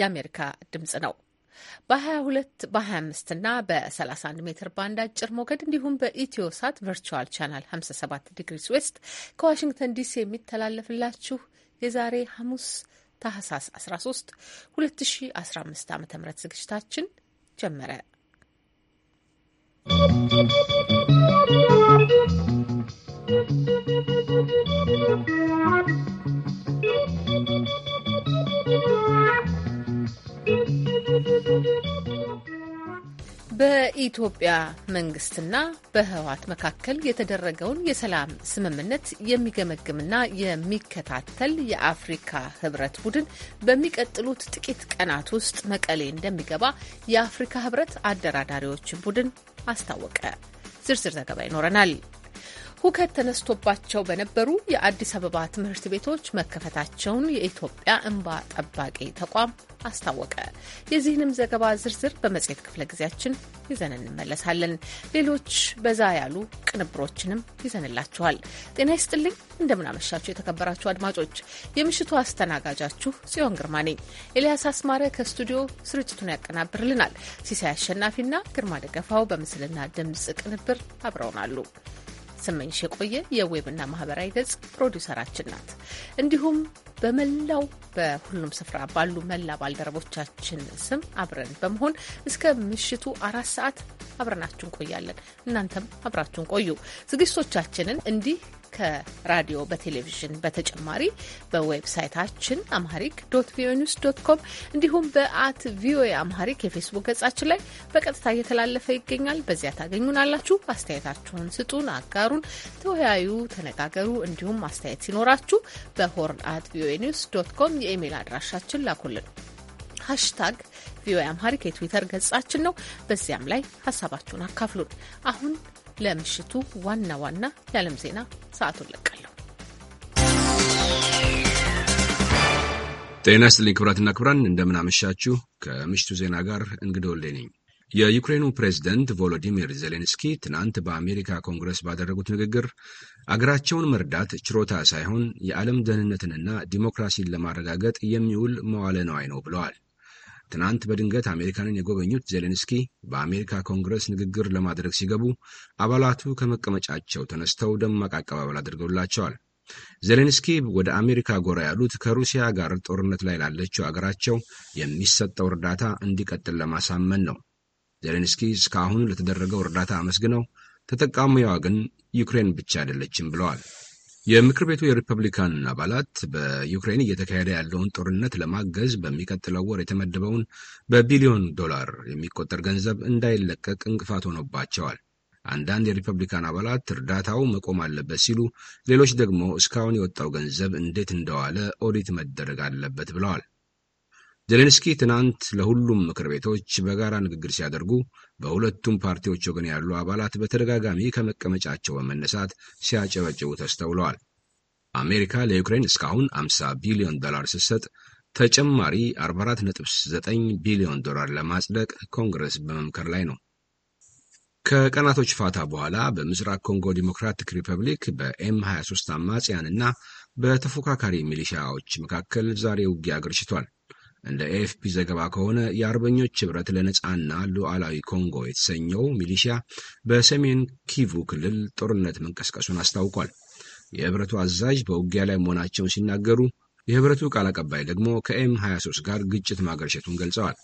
የአሜሪካ ድምጽ ነው። በ22 በ25 እና በ31 ሜትር ባንድ አጭር ሞገድ እንዲሁም በኢትዮ ሳት ቨርቹዋል ቻናል 57 ዲግሪስ ዌስት ከዋሽንግተን ዲሲ የሚተላለፍላችሁ የዛሬ ሐሙስ ታህሳስ 13 2015 ዓ ም ዝግጅታችን ጀመረ። ¶¶ በኢትዮጵያ መንግስትና በህወሓት መካከል የተደረገውን የሰላም ስምምነት የሚገመግምና የሚከታተል የአፍሪካ ህብረት ቡድን በሚቀጥሉት ጥቂት ቀናት ውስጥ መቀሌ እንደሚገባ የአፍሪካ ህብረት አደራዳሪዎች ቡድን አስታወቀ። ዝርዝር ዘገባ ይኖረናል። ሁከት ተነስቶባቸው በነበሩ የአዲስ አበባ ትምህርት ቤቶች መከፈታቸውን የኢትዮጵያ እንባ ጠባቂ ተቋም አስታወቀ። የዚህንም ዘገባ ዝርዝር በመጽሔት ክፍለ ጊዜያችን ይዘን እንመለሳለን። ሌሎች በዛ ያሉ ቅንብሮችንም ይዘንላችኋል። ጤና ይስጥልኝ፣ እንደምናመሻችሁ የተከበራችሁ አድማጮች፣ የምሽቱ አስተናጋጃችሁ ጽዮን ግርማ ነኝ። ኤልያስ አስማረ ከስቱዲዮ ስርጭቱን ያቀናብርልናል። ሲሳይ አሸናፊና ግርማ ደገፋው በምስልና ድምፅ ቅንብር አብረውናሉ። ስመኝሽ የቆየ የዌብና ማህበራዊ ገጽ ፕሮዲውሰራችን ናት። እንዲሁም በመላው በሁሉም ስፍራ ባሉ መላ ባልደረቦቻችን ስም አብረን በመሆን እስከ ምሽቱ አራት ሰዓት አብረናችሁ እንቆያለን። እናንተም አብራችሁን ቆዩ። ዝግጅቶቻችንን እንዲህ ከራዲዮ በቴሌቪዥን በተጨማሪ በዌብሳይታችን አምሃሪክ ዶት ቪኦኤ ኒውስ ዶት ኮም እንዲሁም በአት ቪኦኤ አምሃሪክ የፌስቡክ ገጻችን ላይ በቀጥታ እየተላለፈ ይገኛል። በዚያ ታገኙናላችሁ። አስተያየታችሁን ስጡን፣ አጋሩን፣ ተወያዩ፣ ተነጋገሩ። እንዲሁም አስተያየት ሲኖራችሁ በሆርን አት ቪኦኤ ኒውስ ዶት ኮም የኢሜይል አድራሻችን ላኩልን። ሃሽታግ ቪኦኤ አምሃሪክ የትዊተር ገጻችን ነው። በዚያም ላይ ሀሳባችሁን አካፍሉን። አሁን ለምሽቱ ዋና ዋና የዓለም ዜና ሰዓቱን ለቃለሁ። ጤና ይስጥልኝ ክቡራትና ክቡራን፣ እንደምናመሻችሁ። ከምሽቱ ዜና ጋር እንግዶ ወልዴ ነኝ። የዩክሬኑ ፕሬዚደንት ቮሎዲሚር ዜሌንስኪ ትናንት በአሜሪካ ኮንግረስ ባደረጉት ንግግር አገራቸውን መርዳት ችሮታ ሳይሆን የዓለም ደህንነትንና ዲሞክራሲን ለማረጋገጥ የሚውል መዋለ ነዋይ ነው ብለዋል። ትናንት በድንገት አሜሪካንን የጎበኙት ዜሌንስኪ በአሜሪካ ኮንግረስ ንግግር ለማድረግ ሲገቡ አባላቱ ከመቀመጫቸው ተነስተው ደማቅ አቀባበል አድርገውላቸዋል። ዜሌንስኪ ወደ አሜሪካ ጎራ ያሉት ከሩሲያ ጋር ጦርነት ላይ ላለችው አገራቸው የሚሰጠው እርዳታ እንዲቀጥል ለማሳመን ነው። ዜሌንስኪ እስካሁን ለተደረገው እርዳታ አመስግነው ተጠቃሚዋ ግን ዩክሬን ብቻ አይደለችም ብለዋል። የምክር ቤቱ የሪፐብሊካን አባላት በዩክሬን እየተካሄደ ያለውን ጦርነት ለማገዝ በሚቀጥለው ወር የተመደበውን በቢሊዮን ዶላር የሚቆጠር ገንዘብ እንዳይለቀቅ እንቅፋት ሆኖባቸዋል። አንዳንድ የሪፐብሊካን አባላት እርዳታው መቆም አለበት ሲሉ፣ ሌሎች ደግሞ እስካሁን የወጣው ገንዘብ እንዴት እንደዋለ ኦዲት መደረግ አለበት ብለዋል። ዜሌንስኪ ትናንት ለሁሉም ምክር ቤቶች በጋራ ንግግር ሲያደርጉ በሁለቱም ፓርቲዎች ወገን ያሉ አባላት በተደጋጋሚ ከመቀመጫቸው በመነሳት ሲያጨበጭቡ ተስተውለዋል። አሜሪካ ለዩክሬን እስካሁን 50 ቢሊዮን ዶላር ስትሰጥ ተጨማሪ 44.9 ቢሊዮን ዶላር ለማጽደቅ ኮንግረስ በመምከር ላይ ነው። ከቀናቶች ፋታ በኋላ በምስራቅ ኮንጎ ዲሞክራቲክ ሪፐብሊክ በኤም 23 አማጽያን እና በተፎካካሪ ሚሊሻዎች መካከል ዛሬ ውጊያ አገርሽቷል። እንደ ኤኤፍፒ ዘገባ ከሆነ የአርበኞች ህብረት ለነፃና ሉዓላዊ ኮንጎ የተሰኘው ሚሊሺያ በሰሜን ኪቩ ክልል ጦርነት መንቀስቀሱን አስታውቋል። የህብረቱ አዛዥ በውጊያ ላይ መሆናቸውን ሲናገሩ፣ የህብረቱ ቃል አቀባይ ደግሞ ከኤም 23 ጋር ግጭት ማገርሸቱን ገልጸዋል።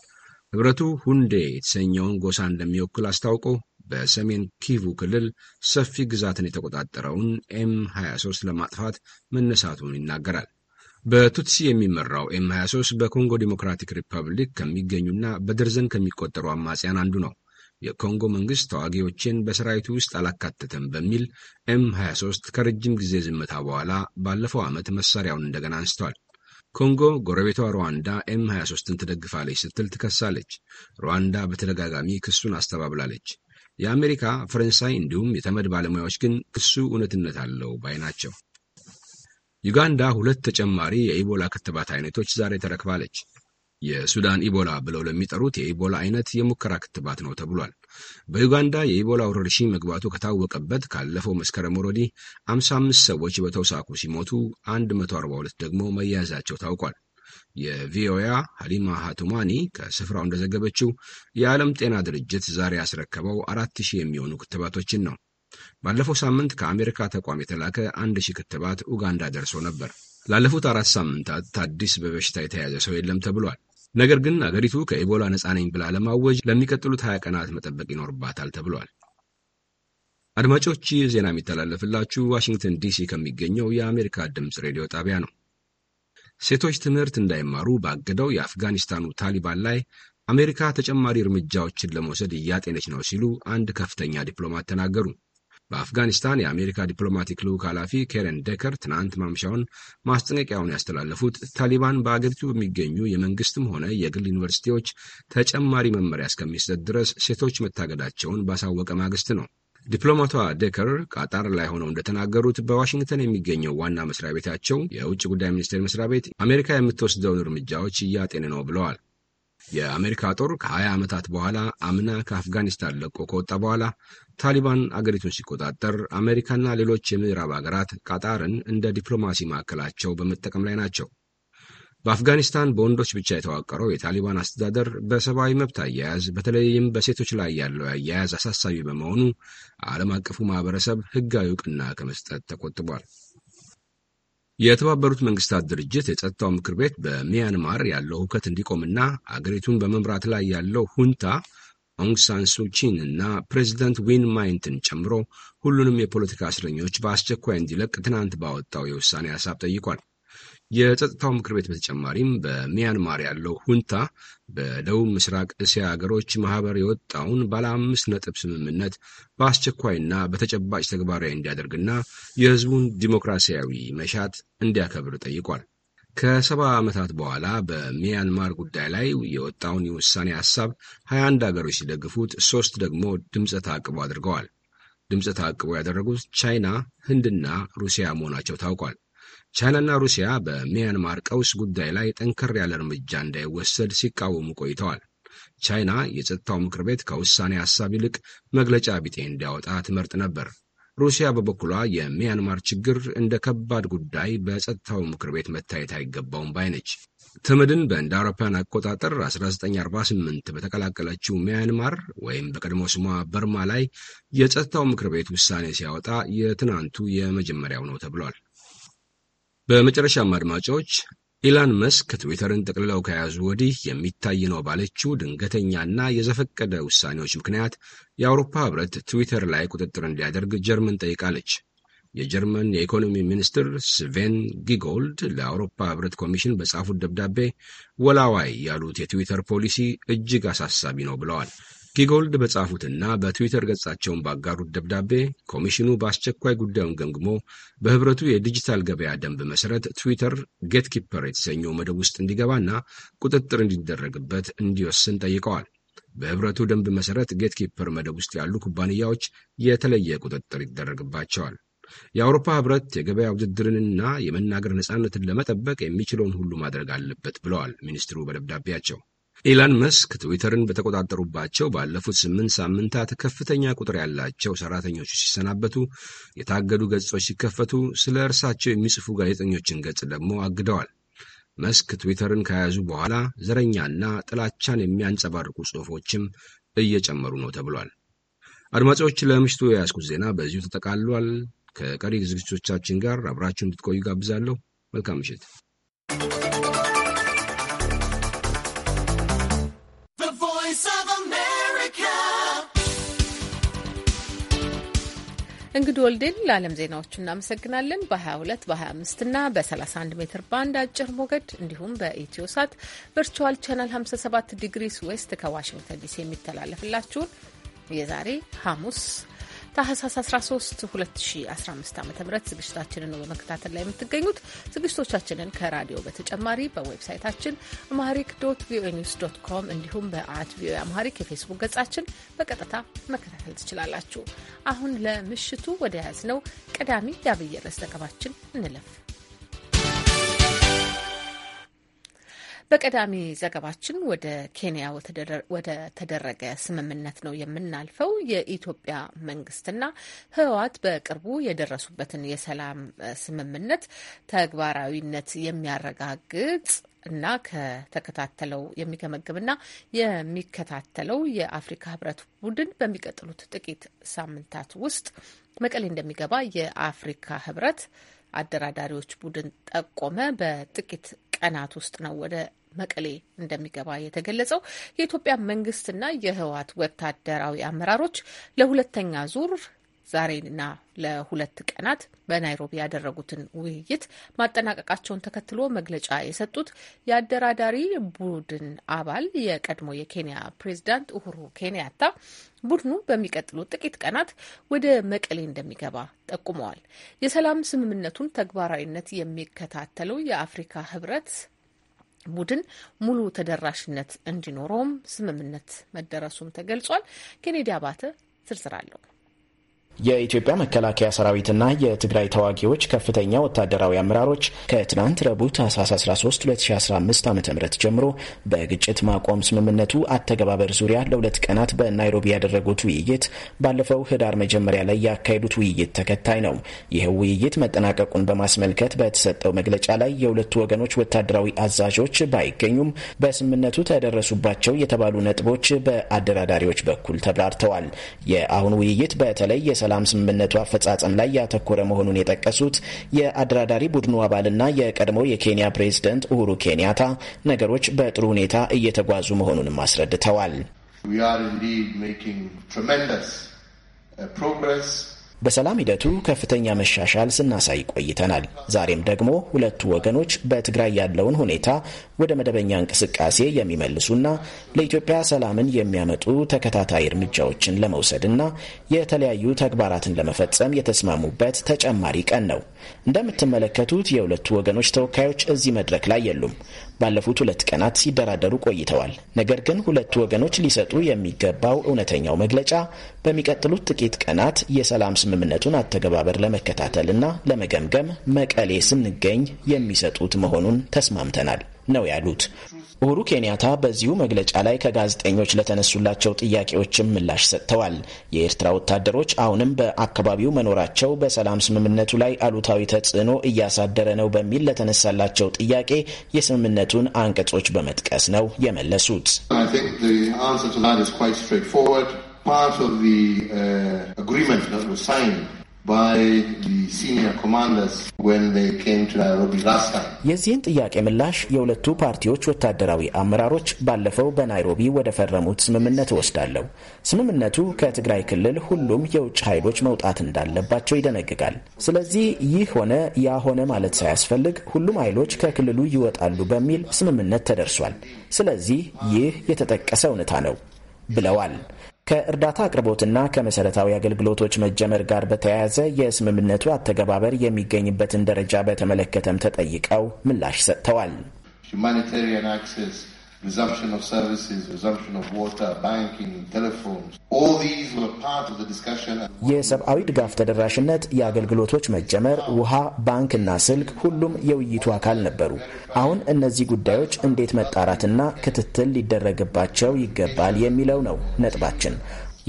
ህብረቱ ሁንዴ የተሰኘውን ጎሳ እንደሚወክል አስታውቆ በሰሜን ኪቩ ክልል ሰፊ ግዛትን የተቆጣጠረውን ኤም 23 ለማጥፋት መነሳቱን ይናገራል። በቱትሲ የሚመራው ኤም 23 በኮንጎ ዴሞክራቲክ ሪፐብሊክ ከሚገኙና በደርዘን ከሚቆጠሩ አማጽያን አንዱ ነው። የኮንጎ መንግሥት ተዋጊዎችን በሰራዊቱ ውስጥ አላካተተም በሚል ኤም 23 ከረጅም ጊዜ ዝምታ በኋላ ባለፈው ዓመት መሳሪያውን እንደገና አንስቷል። ኮንጎ ጎረቤቷ ሩዋንዳ ኤም 23ን ትደግፋለች ስትል ትከሳለች። ሩዋንዳ በተደጋጋሚ ክሱን አስተባብላለች። የአሜሪካ ፈረንሳይ፣ እንዲሁም የተመድ ባለሙያዎች ግን ክሱ እውነትነት አለው ባይ ናቸው። ዩጋንዳ ሁለት ተጨማሪ የኢቦላ ክትባት አይነቶች ዛሬ ተረክባለች። የሱዳን ኢቦላ ብለው ለሚጠሩት የኢቦላ አይነት የሙከራ ክትባት ነው ተብሏል። በዩጋንዳ የኢቦላ ወረርሽኝ መግባቱ ከታወቀበት ካለፈው መስከረም ወዲህ 55 ሰዎች በተውሳኩ ሲሞቱ 142 ደግሞ መያዛቸው ታውቋል። የቪኦኤ ሀሊማ ሀቱማኒ ከስፍራው እንደዘገበችው የዓለም ጤና ድርጅት ዛሬ ያስረከበው አራት የሚሆኑ ክትባቶችን ነው። ባለፈው ሳምንት ከአሜሪካ ተቋም የተላከ አንድ ሺህ ክትባት ኡጋንዳ ደርሶ ነበር። ላለፉት አራት ሳምንታት ታዲስ በበሽታ የተያዘ ሰው የለም ተብሏል። ነገር ግን አገሪቱ ከኢቦላ ነጻ ነኝ ብላ ለማወጅ ለሚቀጥሉት ሀያ ቀናት መጠበቅ ይኖርባታል ተብሏል። አድማጮች ይህ ዜና የሚተላለፍላችሁ ዋሽንግተን ዲሲ ከሚገኘው የአሜሪካ ድምፅ ሬዲዮ ጣቢያ ነው። ሴቶች ትምህርት እንዳይማሩ ባገደው የአፍጋኒስታኑ ታሊባን ላይ አሜሪካ ተጨማሪ እርምጃዎችን ለመውሰድ እያጤነች ነው ሲሉ አንድ ከፍተኛ ዲፕሎማት ተናገሩ። በአፍጋኒስታን የአሜሪካ ዲፕሎማቲክ ልዑክ ኃላፊ ኬረን ደከር ትናንት ማምሻውን ማስጠንቀቂያውን ያስተላለፉት ታሊባን በአገሪቱ በሚገኙ የመንግስትም ሆነ የግል ዩኒቨርሲቲዎች ተጨማሪ መመሪያ እስከሚሰጥ ድረስ ሴቶች መታገዳቸውን ባሳወቀ ማግስት ነው። ዲፕሎማቷ ደከር ቃጣር ላይ ሆነው እንደተናገሩት በዋሽንግተን የሚገኘው ዋና መስሪያ ቤታቸው የውጭ ጉዳይ ሚኒስቴር መስሪያ ቤት አሜሪካ የምትወስደውን እርምጃዎች እያጤነ ነው ብለዋል። የአሜሪካ ጦር ከ20 ዓመታት በኋላ አምና ከአፍጋኒስታን ለቆ ከወጣ በኋላ ታሊባን አገሪቱን ሲቆጣጠር አሜሪካና ሌሎች የምዕራብ አገራት ቃጣርን እንደ ዲፕሎማሲ ማዕከላቸው በመጠቀም ላይ ናቸው። በአፍጋኒስታን በወንዶች ብቻ የተዋቀረው የታሊባን አስተዳደር በሰብአዊ መብት አያያዝ በተለይም በሴቶች ላይ ያለው አያያዝ አሳሳቢ በመሆኑ ዓለም አቀፉ ማህበረሰብ ሕጋዊ እውቅና ከመስጠት ተቆጥቧል። የተባበሩት መንግስታት ድርጅት የጸጥታው ምክር ቤት በሚያንማር ያለው ሁከት እንዲቆምና አገሪቱን በመምራት ላይ ያለው ሁንታ ኦንግሳን ሱቺን እና ፕሬዚደንት ዊን ማይንትን ጨምሮ ሁሉንም የፖለቲካ እስረኞች በአስቸኳይ እንዲለቅ ትናንት ባወጣው የውሳኔ ሀሳብ ጠይቋል። የጸጥታው ምክር ቤት በተጨማሪም በሚያንማር ያለው ሁንታ በደቡብ ምስራቅ እስያ ሀገሮች ማህበር የወጣውን ባለ አምስት ነጥብ ስምምነት በአስቸኳይና በተጨባጭ ተግባራዊ እንዲያደርግና የህዝቡን ዲሞክራሲያዊ መሻት እንዲያከብር ጠይቋል። ከሰባ ዓመታት በኋላ በሚያንማር ጉዳይ ላይ የወጣውን የውሳኔ ሐሳብ 21 አገሮች ሲደግፉት፣ ሦስት ደግሞ ድምፀ ተአቅቦ አድርገዋል። ድምፀ ተአቅቦ ያደረጉት ቻይና፣ ህንድና ሩሲያ መሆናቸው ታውቋል። ቻይናና ሩሲያ በሚያንማር ቀውስ ጉዳይ ላይ ጠንከር ያለ እርምጃ እንዳይወሰድ ሲቃወሙ ቆይተዋል። ቻይና የጸጥታው ምክር ቤት ከውሳኔ ሐሳብ ይልቅ መግለጫ ቢጤ እንዲያወጣ ትመርጥ ነበር። ሩሲያ በበኩሏ የሚያንማር ችግር እንደ ከባድ ጉዳይ በጸጥታው ምክር ቤት መታየት አይገባውም ባይ ነች። ትምድን በእንደ አውሮፓውያን አቆጣጠር 1948 በተቀላቀለችው ሚያንማር ወይም በቀድሞ ስሟ በርማ ላይ የጸጥታው ምክር ቤት ውሳኔ ሲያወጣ የትናንቱ የመጀመሪያው ነው ተብሏል። በመጨረሻም አድማጮች ኢላን መስክ ትዊተርን ጠቅልለው ከያዙ ወዲህ የሚታይ ነው ባለችው ድንገተኛና የዘፈቀደ ውሳኔዎች ምክንያት የአውሮፓ ህብረት ትዊተር ላይ ቁጥጥር እንዲያደርግ ጀርመን ጠይቃለች። የጀርመን የኢኮኖሚ ሚኒስትር ስቬን ጊጎልድ ለአውሮፓ ህብረት ኮሚሽን በጻፉት ደብዳቤ ወላዋይ ያሉት የትዊተር ፖሊሲ እጅግ አሳሳቢ ነው ብለዋል። ጊጎልድ በጻፉትና በትዊተር ገጻቸውን ባጋሩት ደብዳቤ ኮሚሽኑ በአስቸኳይ ጉዳዩን ገምግሞ በህብረቱ የዲጂታል ገበያ ደንብ መሰረት ትዊተር ጌትኪፐር የተሰኘው መደብ ውስጥ እንዲገባና ቁጥጥር እንዲደረግበት እንዲወስን ጠይቀዋል። በህብረቱ ደንብ መሰረት ጌትኪፐር መደብ ውስጥ ያሉ ኩባንያዎች የተለየ ቁጥጥር ይደረግባቸዋል። የአውሮፓ ህብረት የገበያ ውድድርንና የመናገር ነጻነትን ለመጠበቅ የሚችለውን ሁሉ ማድረግ አለበት ብለዋል ሚኒስትሩ በደብዳቤያቸው። ኢላን መስክ ትዊተርን በተቆጣጠሩባቸው ባለፉት ስምንት ሳምንታት ከፍተኛ ቁጥር ያላቸው ሰራተኞቹ ሲሰናበቱ፣ የታገዱ ገጾች ሲከፈቱ፣ ስለ እርሳቸው የሚጽፉ ጋዜጠኞችን ገጽ ደግሞ አግደዋል። መስክ ትዊተርን ከያዙ በኋላ ዘረኛና ጥላቻን የሚያንጸባርቁ ጽሑፎችም እየጨመሩ ነው ተብሏል። አድማጮች፣ ለምሽቱ የያዝኩት ዜና በዚሁ ተጠቃልሏል። ከቀሪ ዝግጅቶቻችን ጋር አብራችሁ እንድትቆዩ ጋብዛለሁ። መልካም ምሽት። እንግዲህ ወልዴን ለዓለም ዜናዎቹ እናመሰግናለን። በ22 በ25 እና በ31 ሜትር ባንድ አጭር ሞገድ እንዲሁም በኢትዮ ሳት ቨርቹዋል ቻናል 57 ዲግሪስ ዌስት ከዋሽንግተን ዲሲ የሚተላለፍላችሁን የዛሬ ሐሙስ ታህሳስ 13 2015 ዓ ም ዝግጅታችንን ነው በመከታተል ላይ የምትገኙት። ዝግጅቶቻችንን ከራዲዮ በተጨማሪ በዌብሳይታችን አማሪክ ዶት ቪኦኤ ኒውስ ዶት ኮም እንዲሁም በአት ቪኦኤ አማሪክ የፌስቡክ ገጻችን በቀጥታ መከታተል ትችላላችሁ። አሁን ለምሽቱ ወደ ነው ቀዳሚ የአብይ ርዕስ ዘገባችን እንለፍ። በቀዳሚ ዘገባችን ወደ ኬንያ ወደ ተደረገ ስምምነት ነው የምናልፈው። የኢትዮጵያ መንግስትና ህወሓት በቅርቡ የደረሱበትን የሰላም ስምምነት ተግባራዊነት የሚያረጋግጥ እና ከተከታተለው የሚገመግምና የሚከታተለው የአፍሪካ ህብረት ቡድን በሚቀጥሉት ጥቂት ሳምንታት ውስጥ መቀሌ እንደሚገባ የአፍሪካ ህብረት አደራዳሪዎች ቡድን ጠቆመ። በጥቂት ቀናት ውስጥ ነው ወደ መቀሌ እንደሚገባ የተገለጸው የኢትዮጵያ መንግስትና የህወሀት ወታደራዊ አመራሮች ለሁለተኛ ዙር ዛሬና ለሁለት ቀናት በናይሮቢ ያደረጉትን ውይይት ማጠናቀቃቸውን ተከትሎ መግለጫ የሰጡት የአደራዳሪ ቡድን አባል የቀድሞ የኬንያ ፕሬዚዳንት ኡሁሩ ኬንያታ ቡድኑ በሚቀጥሉት ጥቂት ቀናት ወደ መቀሌ እንደሚገባ ጠቁመዋል። የሰላም ስምምነቱን ተግባራዊነት የሚከታተለው የአፍሪካ ህብረት ቡድን ሙሉ ተደራሽነት እንዲኖረውም ስምምነት መደረሱም ተገልጿል። ኬኔዲ አባተ ዝርዝር አለው። የኢትዮጵያ መከላከያ ሰራዊትና የትግራይ ተዋጊዎች ከፍተኛ ወታደራዊ አመራሮች ከትናንት ረቡዕ ታህሳስ 13 2015 ዓ ም ጀምሮ በግጭት ማቆም ስምምነቱ አተገባበር ዙሪያ ለሁለት ቀናት በናይሮቢ ያደረጉት ውይይት ባለፈው ህዳር መጀመሪያ ላይ ያካሄዱት ውይይት ተከታይ ነው። ይህው ውይይት መጠናቀቁን በማስመልከት በተሰጠው መግለጫ ላይ የሁለቱ ወገኖች ወታደራዊ አዛዦች ባይገኙም በስምምነቱ ተደረሱባቸው የተባሉ ነጥቦች በአደራዳሪዎች በኩል ተብራርተዋል። የአሁኑ ውይይት በተለይ የሰላም ስምምነቱ አፈጻጸም ላይ ያተኮረ መሆኑን የጠቀሱት የአደራዳሪ ቡድኑ አባልና የቀድሞ የኬንያ ፕሬዝደንት ኡሁሩ ኬንያታ ነገሮች በጥሩ ሁኔታ እየተጓዙ መሆኑንም አስረድተዋል። በሰላም ሂደቱ ከፍተኛ መሻሻል ስናሳይ ቆይተናል። ዛሬም ደግሞ ሁለቱ ወገኖች በትግራይ ያለውን ሁኔታ ወደ መደበኛ እንቅስቃሴ የሚመልሱና ለኢትዮጵያ ሰላምን የሚያመጡ ተከታታይ እርምጃዎችን ለመውሰድና የተለያዩ ተግባራትን ለመፈጸም የተስማሙበት ተጨማሪ ቀን ነው። እንደምትመለከቱት የሁለቱ ወገኖች ተወካዮች እዚህ መድረክ ላይ የሉም። ባለፉት ሁለት ቀናት ሲደራደሩ ቆይተዋል። ነገር ግን ሁለቱ ወገኖች ሊሰጡ የሚገባው እውነተኛው መግለጫ በሚቀጥሉት ጥቂት ቀናት የሰላም ስምምነቱን አተገባበር ለመከታተል እና ለመገምገም መቀሌ ስንገኝ የሚሰጡት መሆኑን ተስማምተናል ነው ያሉት። ኡሁሩ ኬንያታ በዚሁ መግለጫ ላይ ከጋዜጠኞች ለተነሱላቸው ጥያቄዎችም ምላሽ ሰጥተዋል። የኤርትራ ወታደሮች አሁንም በአካባቢው መኖራቸው በሰላም ስምምነቱ ላይ አሉታዊ ተጽዕኖ እያሳደረ ነው በሚል ለተነሳላቸው ጥያቄ የስምምነቱን አንቀጾች በመጥቀስ ነው የመለሱት። of the uh, agreement that was signed የዚህን ጥያቄ ምላሽ የሁለቱ ፓርቲዎች ወታደራዊ አመራሮች ባለፈው በናይሮቢ ወደ ፈረሙት ስምምነት እወስዳለሁ። ስምምነቱ ከትግራይ ክልል ሁሉም የውጭ ኃይሎች መውጣት እንዳለባቸው ይደነግጋል። ስለዚህ ይህ ሆነ ያ ሆነ ማለት ሳያስፈልግ ሁሉም ኃይሎች ከክልሉ ይወጣሉ በሚል ስምምነት ተደርሷል። ስለዚህ ይህ የተጠቀሰ እውነታ ነው ብለዋል። ከእርዳታ አቅርቦትና ከመሰረታዊ አገልግሎቶች መጀመር ጋር በተያያዘ የስምምነቱ አተገባበር የሚገኝበትን ደረጃ በተመለከተም ተጠይቀው ምላሽ ሰጥተዋል። ሁማኒታሪያን አክሰስ resumption of services, resumption of water, banking, telephones. All these were part of the discussion. የሰብአዊ ድጋፍ ተደራሽነት፣ የአገልግሎቶች መጀመር፣ ውሃ፣ እና ስልክ ሁሉም የውይይቱ አካል ነበሩ። አሁን እነዚህ ጉዳዮች እንዴት መጣራትና ክትትል ሊደረግባቸው ይገባል የሚለው ነው ነጥባችን።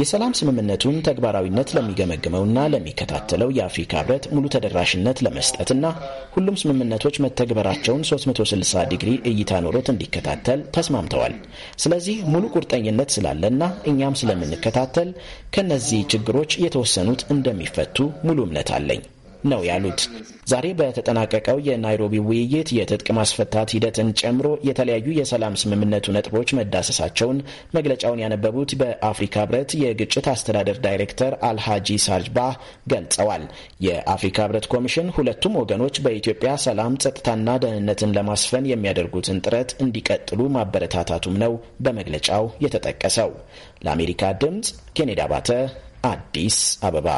የሰላም ስምምነቱን ተግባራዊነት ለሚገመግመውና ለሚከታተለው የአፍሪካ ህብረት ሙሉ ተደራሽነት ለመስጠትና ሁሉም ስምምነቶች መተግበራቸውን 360 ዲግሪ እይታ ኖሮት እንዲከታተል ተስማምተዋል። ስለዚህ ሙሉ ቁርጠኝነት ስላለና እኛም ስለምንከታተል ከነዚህ ችግሮች የተወሰኑት እንደሚፈቱ ሙሉ እምነት አለኝ። ነው ያሉት። ዛሬ በተጠናቀቀው የናይሮቢ ውይይት የትጥቅ ማስፈታት ሂደትን ጨምሮ የተለያዩ የሰላም ስምምነቱ ነጥቦች መዳሰሳቸውን መግለጫውን ያነበቡት በአፍሪካ ህብረት የግጭት አስተዳደር ዳይሬክተር አልሃጂ ሳጅባ ገልጸዋል። የአፍሪካ ህብረት ኮሚሽን ሁለቱም ወገኖች በኢትዮጵያ ሰላም፣ ጸጥታና ደህንነትን ለማስፈን የሚያደርጉትን ጥረት እንዲቀጥሉ ማበረታታቱም ነው በመግለጫው የተጠቀሰው። ለአሜሪካ ድምጽ ኬኔዲ አባተ አዲስ አበባ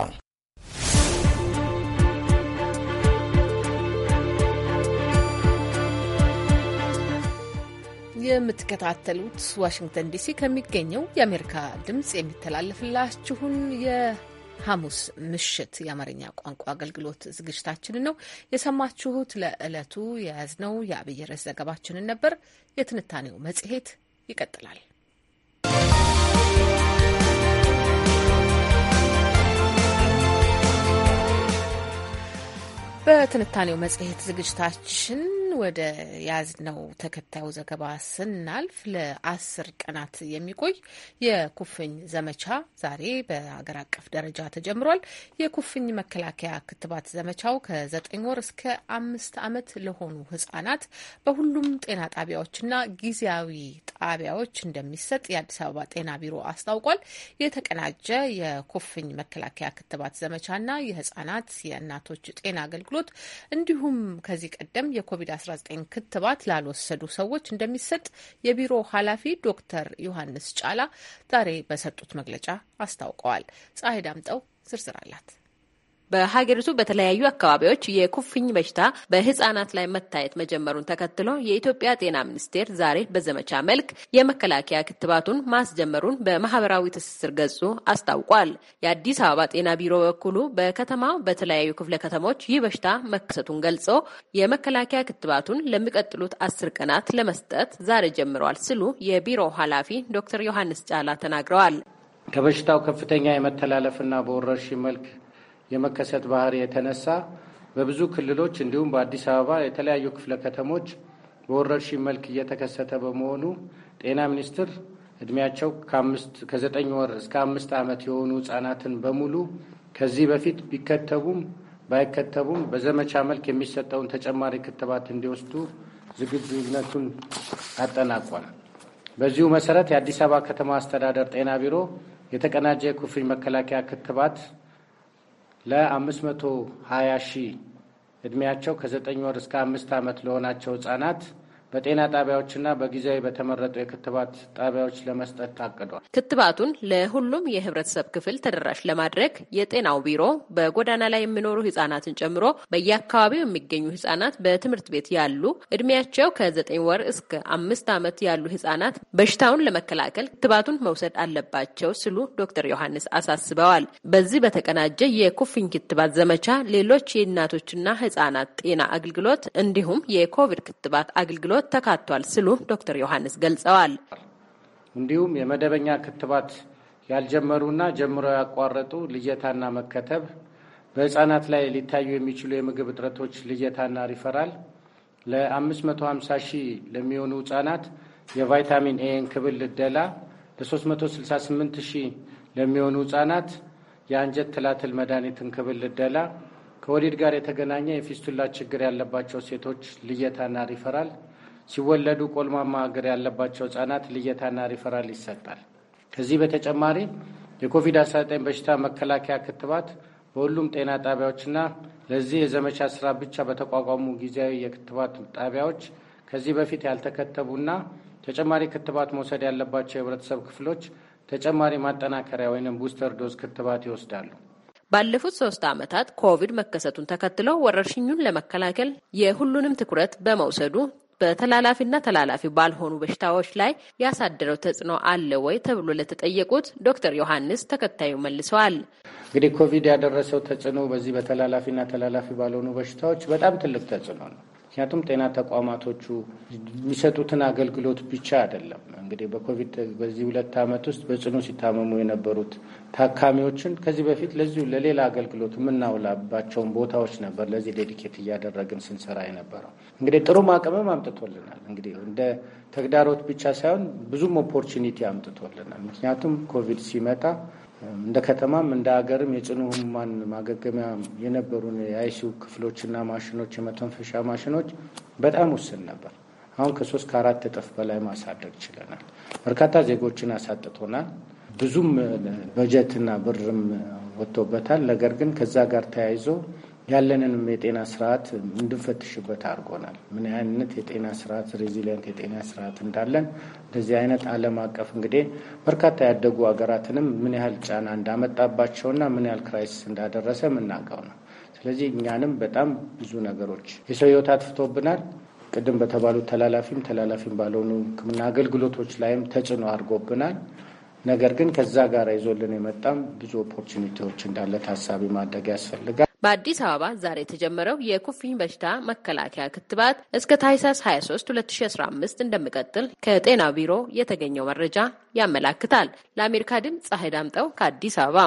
የምትከታተሉት ዋሽንግተን ዲሲ ከሚገኘው የአሜሪካ ድምፅ የሚተላለፍላችሁን የሐሙስ ምሽት የአማርኛ ቋንቋ አገልግሎት ዝግጅታችንን ነው የሰማችሁት። ለዕለቱ የያዝነው የአብይ ርዕስ ዘገባችንን ነበር። የትንታኔው መጽሔት ይቀጥላል። በትንታኔው መጽሔት ዝግጅታችን ወደ ያዝነው ተከታዩ ዘገባ ስናልፍ ለአስር ቀናት የሚቆይ የኩፍኝ ዘመቻ ዛሬ በሀገር አቀፍ ደረጃ ተጀምሯል። የኩፍኝ መከላከያ ክትባት ዘመቻው ከዘጠኝ ወር እስከ አምስት ዓመት ለሆኑ ህጻናት በሁሉም ጤና ጣቢያዎችና ጊዜያዊ ጣቢያዎች እንደሚሰጥ የአዲስ አበባ ጤና ቢሮ አስታውቋል። የተቀናጀ የኩፍኝ መከላከያ ክትባት ዘመቻና የህጻናት የእናቶች ጤና አገልግሎት እንዲሁም ከዚህ ቀደም የኮቪድ 19 ክትባት ላልወሰዱ ሰዎች እንደሚሰጥ የቢሮ ኃላፊ ዶክተር ዮሐንስ ጫላ ዛሬ በሰጡት መግለጫ አስታውቀዋል። ፀሐይ ዳምጠው ዝርዝር አላት። በሀገሪቱ በተለያዩ አካባቢዎች የኩፍኝ በሽታ በህጻናት ላይ መታየት መጀመሩን ተከትሎ የኢትዮጵያ ጤና ሚኒስቴር ዛሬ በዘመቻ መልክ የመከላከያ ክትባቱን ማስጀመሩን በማህበራዊ ትስስር ገጹ አስታውቋል። የአዲስ አበባ ጤና ቢሮ በኩሉ በከተማው በተለያዩ ክፍለ ከተሞች ይህ በሽታ መከሰቱን ገልጾ የመከላከያ ክትባቱን ለሚቀጥሉት አስር ቀናት ለመስጠት ዛሬ ጀምረዋል ሲሉ የቢሮው ኃላፊ ዶክተር ዮሐንስ ጫላ ተናግረዋል። ከበሽታው ከፍተኛ የመተላለፍና በወረርሽኝ መልክ የመከሰት ባህሪ የተነሳ በብዙ ክልሎች እንዲሁም በአዲስ አበባ የተለያዩ ክፍለ ከተሞች በወረርሽኝ መልክ እየተከሰተ በመሆኑ ጤና ሚኒስቴር እድሜያቸው ከዘጠኝ ወር እስከ አምስት ዓመት የሆኑ ህጻናትን በሙሉ ከዚህ በፊት ቢከተቡም ባይከተቡም በዘመቻ መልክ የሚሰጠውን ተጨማሪ ክትባት እንዲወስዱ ዝግጁነቱን አጠናቋል። በዚሁ መሰረት የአዲስ አበባ ከተማ አስተዳደር ጤና ቢሮ የተቀናጀ የኩፍኝ መከላከያ ክትባት ለ520 ሺህ ዕድሜያቸው ከ9 ወር እስከ 5 ዓመት ለሆናቸው ህጻናት በጤና ጣቢያዎችና በጊዜያዊ በተመረጡ የክትባት ጣቢያዎች ለመስጠት ታቅዷል። ክትባቱን ለሁሉም የህብረተሰብ ክፍል ተደራሽ ለማድረግ የጤናው ቢሮ በጎዳና ላይ የሚኖሩ ህጻናትን ጨምሮ በየአካባቢው የሚገኙ ህጻናት፣ በትምህርት ቤት ያሉ እድሜያቸው ከዘጠኝ ወር እስከ አምስት ዓመት ያሉ ህጻናት በሽታውን ለመከላከል ክትባቱን መውሰድ አለባቸው ሲሉ ዶክተር ዮሐንስ አሳስበዋል። በዚህ በተቀናጀ የኩፍኝ ክትባት ዘመቻ ሌሎች የእናቶችና ህጻናት ጤና አገልግሎት እንዲሁም የኮቪድ ክትባት አገልግሎት አገልግሎት ተካቷል ስሉ ዶክተር ዮሐንስ ገልጸዋል። እንዲሁም የመደበኛ ክትባት ያልጀመሩና ጀምሮ ያቋረጡ ልየታና መከተብ፣ በህፃናት ላይ ሊታዩ የሚችሉ የምግብ እጥረቶች ልየታና ሪፈራል፣ ለ550 ሺህ ለሚሆኑ ህጻናት የቫይታሚን ኤ ክብል ልደላ፣ ለ368 ሺህ ለሚሆኑ ህጻናት የአንጀት ትላትል መድኃኒትን ክብል ልደላ፣ ከወሊድ ጋር የተገናኘ የፊስቱላ ችግር ያለባቸው ሴቶች ልየታና ሪፈራል ሲወለዱ ቆልማማ እግር ያለባቸው ህጻናት ልየታና ሪፈራል ይሰጣል። ከዚህ በተጨማሪ የኮቪድ-19 በሽታ መከላከያ ክትባት በሁሉም ጤና ጣቢያዎችና ለዚህ የዘመቻ ስራ ብቻ በተቋቋሙ ጊዜያዊ የክትባት ጣቢያዎች ከዚህ በፊት ያልተከተቡና ተጨማሪ ክትባት መውሰድ ያለባቸው የህብረተሰብ ክፍሎች ተጨማሪ ማጠናከሪያ ወይም ቡስተር ዶዝ ክትባት ይወስዳሉ። ባለፉት ሶስት ዓመታት ኮቪድ መከሰቱን ተከትለው ወረርሽኙን ለመከላከል የሁሉንም ትኩረት በመውሰዱ በተላላፊና ተላላፊ ባልሆኑ በሽታዎች ላይ ያሳደረው ተጽዕኖ አለ ወይ ተብሎ ለተጠየቁት ዶክተር ዮሐንስ ተከታዩ መልሰዋል። እንግዲህ ኮቪድ ያደረሰው ተጽዕኖ በዚህ በተላላፊና ተላላፊ ባልሆኑ በሽታዎች በጣም ትልቅ ተጽዕኖ ነው። ምክንያቱም ጤና ተቋማቶቹ የሚሰጡትን አገልግሎት ብቻ አይደለም። እንግዲህ በኮቪድ በዚህ ሁለት ዓመት ውስጥ በጽኑ ሲታመሙ የነበሩት ታካሚዎችን ከዚህ በፊት ለዚሁ ለሌላ አገልግሎት የምናውላባቸውን ቦታዎች ነበር ለዚህ ዴዲኬት እያደረግን ስንሰራ የነበረው። እንግዲህ ጥሩ አቅምም አምጥቶልናል። እንግዲህ እንደ ተግዳሮት ብቻ ሳይሆን ብዙም ኦፖርቹኒቲ አምጥቶልናል። ምክንያቱም ኮቪድ ሲመጣ እንደ ከተማም እንደ ሀገርም የጽኑ ህሙማን ማገገሚያ የነበሩን የአይሲዩ ክፍሎችና ማሽኖች የመተንፈሻ ማሽኖች በጣም ውስን ነበር። አሁን ከሶስት ከአራት እጥፍ በላይ ማሳደግ ችለናል። በርካታ ዜጎችን አሳጥቶናል። ብዙም በጀትና ብርም ወጥቶበታል። ነገር ግን ከዛ ጋር ተያይዞ ያለንንም የጤና ስርዓት እንድንፈትሽበት አድርጎናል። ምን አይነት የጤና ስርዓት ሬዚሊየንት የጤና ስርዓት እንዳለን እንደዚህ አይነት ዓለም አቀፍ እንግዲህ በርካታ ያደጉ ሀገራትንም ምን ያህል ጫና እንዳመጣባቸውና ምን ያህል ክራይሲስ እንዳደረሰ የምናውቀው ነው። ስለዚህ እኛንም በጣም ብዙ ነገሮች የሰው አትፍቶብናል አጥፍቶብናል። ቅድም በተባሉ ተላላፊም ተላላፊም ባልሆኑ ሕክምና አገልግሎቶች ላይም ተጽዕኖ አድርጎብናል። ነገር ግን ከዛ ጋር ይዞልን የመጣም ብዙ ኦፖርቹኒቲዎች እንዳለ ታሳቢ ማድረግ ያስፈልጋል። በአዲስ አበባ ዛሬ የተጀመረው የኩፍኝ በሽታ መከላከያ ክትባት እስከ ታህሳስ 23 2015 እንደሚቀጥል ከጤና ቢሮ የተገኘው መረጃ ያመላክታል። ለአሜሪካ ድምፅ ፀሐይ ዳምጠው ከአዲስ አበባ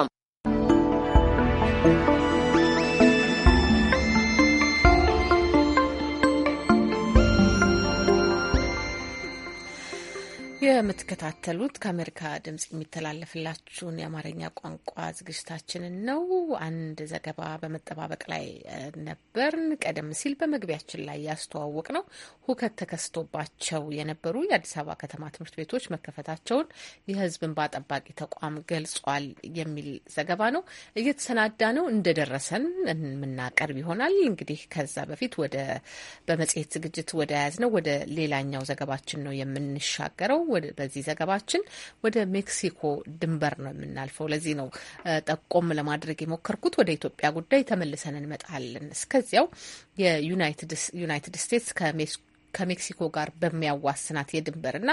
የምትከታተሉት ከአሜሪካ ድምጽ የሚተላለፍላችሁን የአማርኛ ቋንቋ ዝግጅታችንን ነው። አንድ ዘገባ በመጠባበቅ ላይ ነበርን። ቀደም ሲል በመግቢያችን ላይ ያስተዋወቅ ነው ሁከት ተከስቶባቸው የነበሩ የአዲስ አበባ ከተማ ትምህርት ቤቶች መከፈታቸውን የሕዝብ እንባ ጠባቂ ተቋም ገልጿል የሚል ዘገባ ነው። እየተሰናዳ ነው፣ እንደደረሰን የምናቀርብ ይሆናል። እንግዲህ ከዛ በፊት ወደ በመጽሔት ዝግጅት ወደ ያዝ ነው ወደ ሌላኛው ዘገባችን ነው የምንሻገረው በዚህ ዘገባችን ወደ ሜክሲኮ ድንበር ነው የምናልፈው። ለዚህ ነው ጠቆም ለማድረግ የሞከርኩት። ወደ ኢትዮጵያ ጉዳይ ተመልሰን እንመጣለን። እስከዚያው የዩናይትድ ስቴትስ ከሜክሲኮ ጋር በሚያዋስናት የድንበርና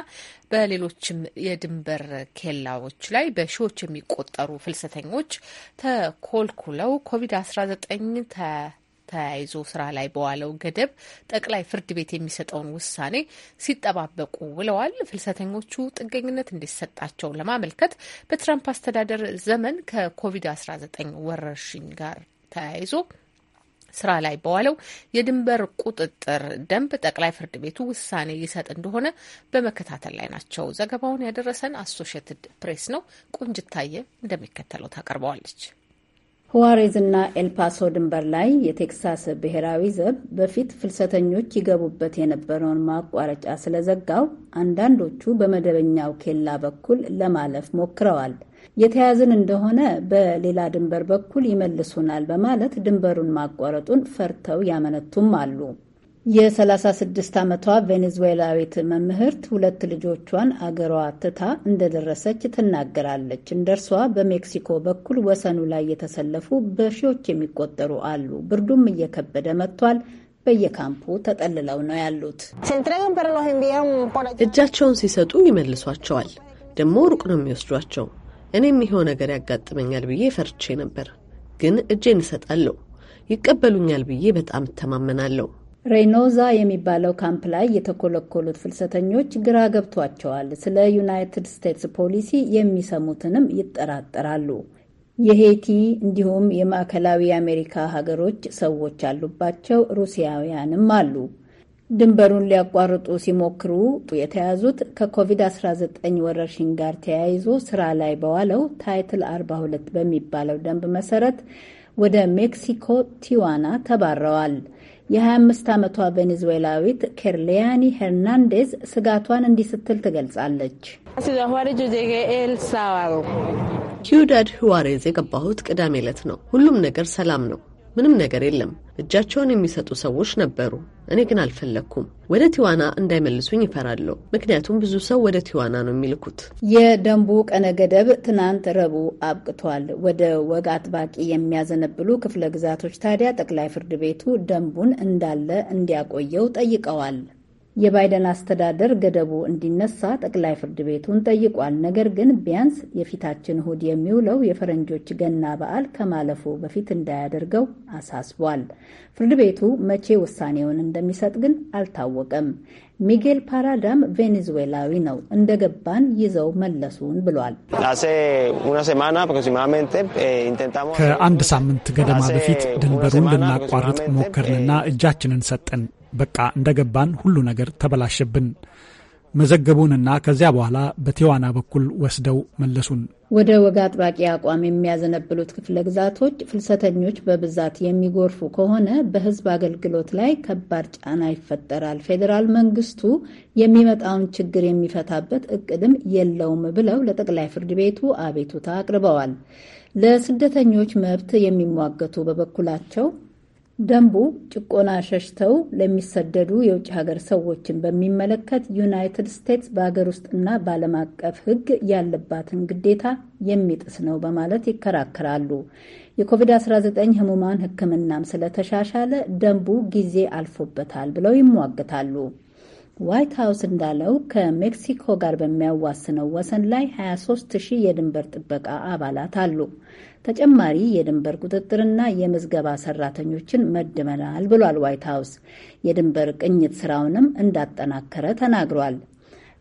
በሌሎችም የድንበር ኬላዎች ላይ በሺዎች የሚቆጠሩ ፍልሰተኞች ተኮልኩለው ኮቪድ-19 ተያይዞ ስራ ላይ በዋለው ገደብ ጠቅላይ ፍርድ ቤት የሚሰጠውን ውሳኔ ሲጠባበቁ ውለዋል። ፍልሰተኞቹ ጥገኝነት እንዲሰጣቸው ለማመልከት በትራምፕ አስተዳደር ዘመን ከኮቪድ-19 ወረርሽኝ ጋር ተያይዞ ስራ ላይ በዋለው የድንበር ቁጥጥር ደንብ ጠቅላይ ፍርድ ቤቱ ውሳኔ ይሰጥ እንደሆነ በመከታተል ላይ ናቸው። ዘገባውን ያደረሰን አሶሽትድ ፕሬስ ነው። ቁንጅታየ እንደሚከተለው ታቀርበዋለች። ሁዋሬዝና ኤልፓሶ ድንበር ላይ የቴክሳስ ብሔራዊ ዘብ በፊት ፍልሰተኞች ይገቡበት የነበረውን ማቋረጫ ስለዘጋው አንዳንዶቹ በመደበኛው ኬላ በኩል ለማለፍ ሞክረዋል። የተያዝን እንደሆነ በሌላ ድንበር በኩል ይመልሱናል በማለት ድንበሩን ማቋረጡን ፈርተው ያመነቱም አሉ። የ36 ዓመቷ ቬኔዙዌላዊት መምህርት ሁለት ልጆቿን አገሯ ትታ እንደደረሰች ትናገራለች። እንደርሷ በሜክሲኮ በኩል ወሰኑ ላይ የተሰለፉ በሺዎች የሚቆጠሩ አሉ። ብርዱም እየከበደ መጥቷል። በየካምፑ ተጠልለው ነው ያሉት። እጃቸውን ሲሰጡ ይመልሷቸዋል። ደግሞ ሩቅ ነው የሚወስዷቸው። እኔም ይኸው ነገር ያጋጥመኛል ብዬ ፈርቼ ነበር፣ ግን እጄን እሰጣለሁ። ይቀበሉኛል ብዬ በጣም እተማመናለሁ። ሬኖዛ የሚባለው ካምፕ ላይ የተኮለኮሉት ፍልሰተኞች ግራ ገብቷቸዋል። ስለ ዩናይትድ ስቴትስ ፖሊሲ የሚሰሙትንም ይጠራጠራሉ። የሄይቲ እንዲሁም የማዕከላዊ አሜሪካ ሀገሮች ሰዎች ያሉባቸው ሩሲያውያንም አሉ። ድንበሩን ሊያቋርጡ ሲሞክሩ የተያዙት ከኮቪድ-19 ወረርሽኝ ጋር ተያይዞ ስራ ላይ በዋለው ታይትል 42 በሚባለው ደንብ መሰረት ወደ ሜክሲኮ ቲዋና ተባረዋል። የ25 ዓመቷ ቬኔዙዌላዊት ኬርሊያኒ ሄርናንዴዝ ስጋቷን እንዲህ ስትል ትገልጻለች። ኪውዳድ ህዋሬዝ የገባሁት ቅዳሜ ዕለት ነው። ሁሉም ነገር ሰላም ነው። ምንም ነገር የለም። እጃቸውን የሚሰጡ ሰዎች ነበሩ። እኔ ግን አልፈለግኩም። ወደ ቲዋና እንዳይመልሱኝ ይፈራለሁ። ምክንያቱም ብዙ ሰው ወደ ቲዋና ነው የሚልኩት። የደንቡ ቀነ ገደብ ትናንት ረቡዕ አብቅቷል። ወደ ወግ አጥባቂ የሚያዘነብሉ ክፍለ ግዛቶች ታዲያ ጠቅላይ ፍርድ ቤቱ ደንቡን እንዳለ እንዲያቆየው ጠይቀዋል። የባይደን አስተዳደር ገደቡ እንዲነሳ ጠቅላይ ፍርድ ቤቱን ጠይቋል። ነገር ግን ቢያንስ የፊታችን እሁድ የሚውለው የፈረንጆች ገና በዓል ከማለፉ በፊት እንዳያደርገው አሳስቧል። ፍርድ ቤቱ መቼ ውሳኔውን እንደሚሰጥ ግን አልታወቀም። ሚጌል ፓራዳም ቬኔዙዌላዊ ነው። እንደገባን ይዘው መለሱን ብሏል። eh, ከአንድ ሳምንት ገደማ በፊት ድንበሩን ልናቋርጥ ሞከርንና እጃችንን ሰጠን። በቃ እንደገባን ሁሉ ነገር ተበላሸብን። መዘገቡንና ከዚያ በኋላ በቲዋና በኩል ወስደው መለሱን። ወደ ወግ አጥባቂ አቋም የሚያዘነብሉት ክፍለ ግዛቶች ፍልሰተኞች በብዛት የሚጎርፉ ከሆነ በሕዝብ አገልግሎት ላይ ከባድ ጫና ይፈጠራል፣ ፌዴራል መንግስቱ የሚመጣውን ችግር የሚፈታበት እቅድም የለውም ብለው ለጠቅላይ ፍርድ ቤቱ አቤቱታ አቅርበዋል። ለስደተኞች መብት የሚሟገቱ በበኩላቸው ደንቡ ጭቆና ሸሽተው ለሚሰደዱ የውጭ ሀገር ሰዎችን በሚመለከት ዩናይትድ ስቴትስ በሀገር ውስጥና በዓለም አቀፍ ሕግ ያለባትን ግዴታ የሚጥስ ነው በማለት ይከራከራሉ። የኮቪድ-19 ህሙማን ሕክምናም ስለተሻሻለ ደንቡ ጊዜ አልፎበታል ብለው ይሟግታሉ። ዋይት ሀውስ እንዳለው ከሜክሲኮ ጋር በሚያዋስነው ወሰን ላይ 23 ሺህ የድንበር ጥበቃ አባላት አሉ። ተጨማሪ የድንበር ቁጥጥርና የምዝገባ ሰራተኞችን መድመናል ብሏል ዋይት ሀውስ። የድንበር ቅኝት ስራውንም እንዳጠናከረ ተናግሯል።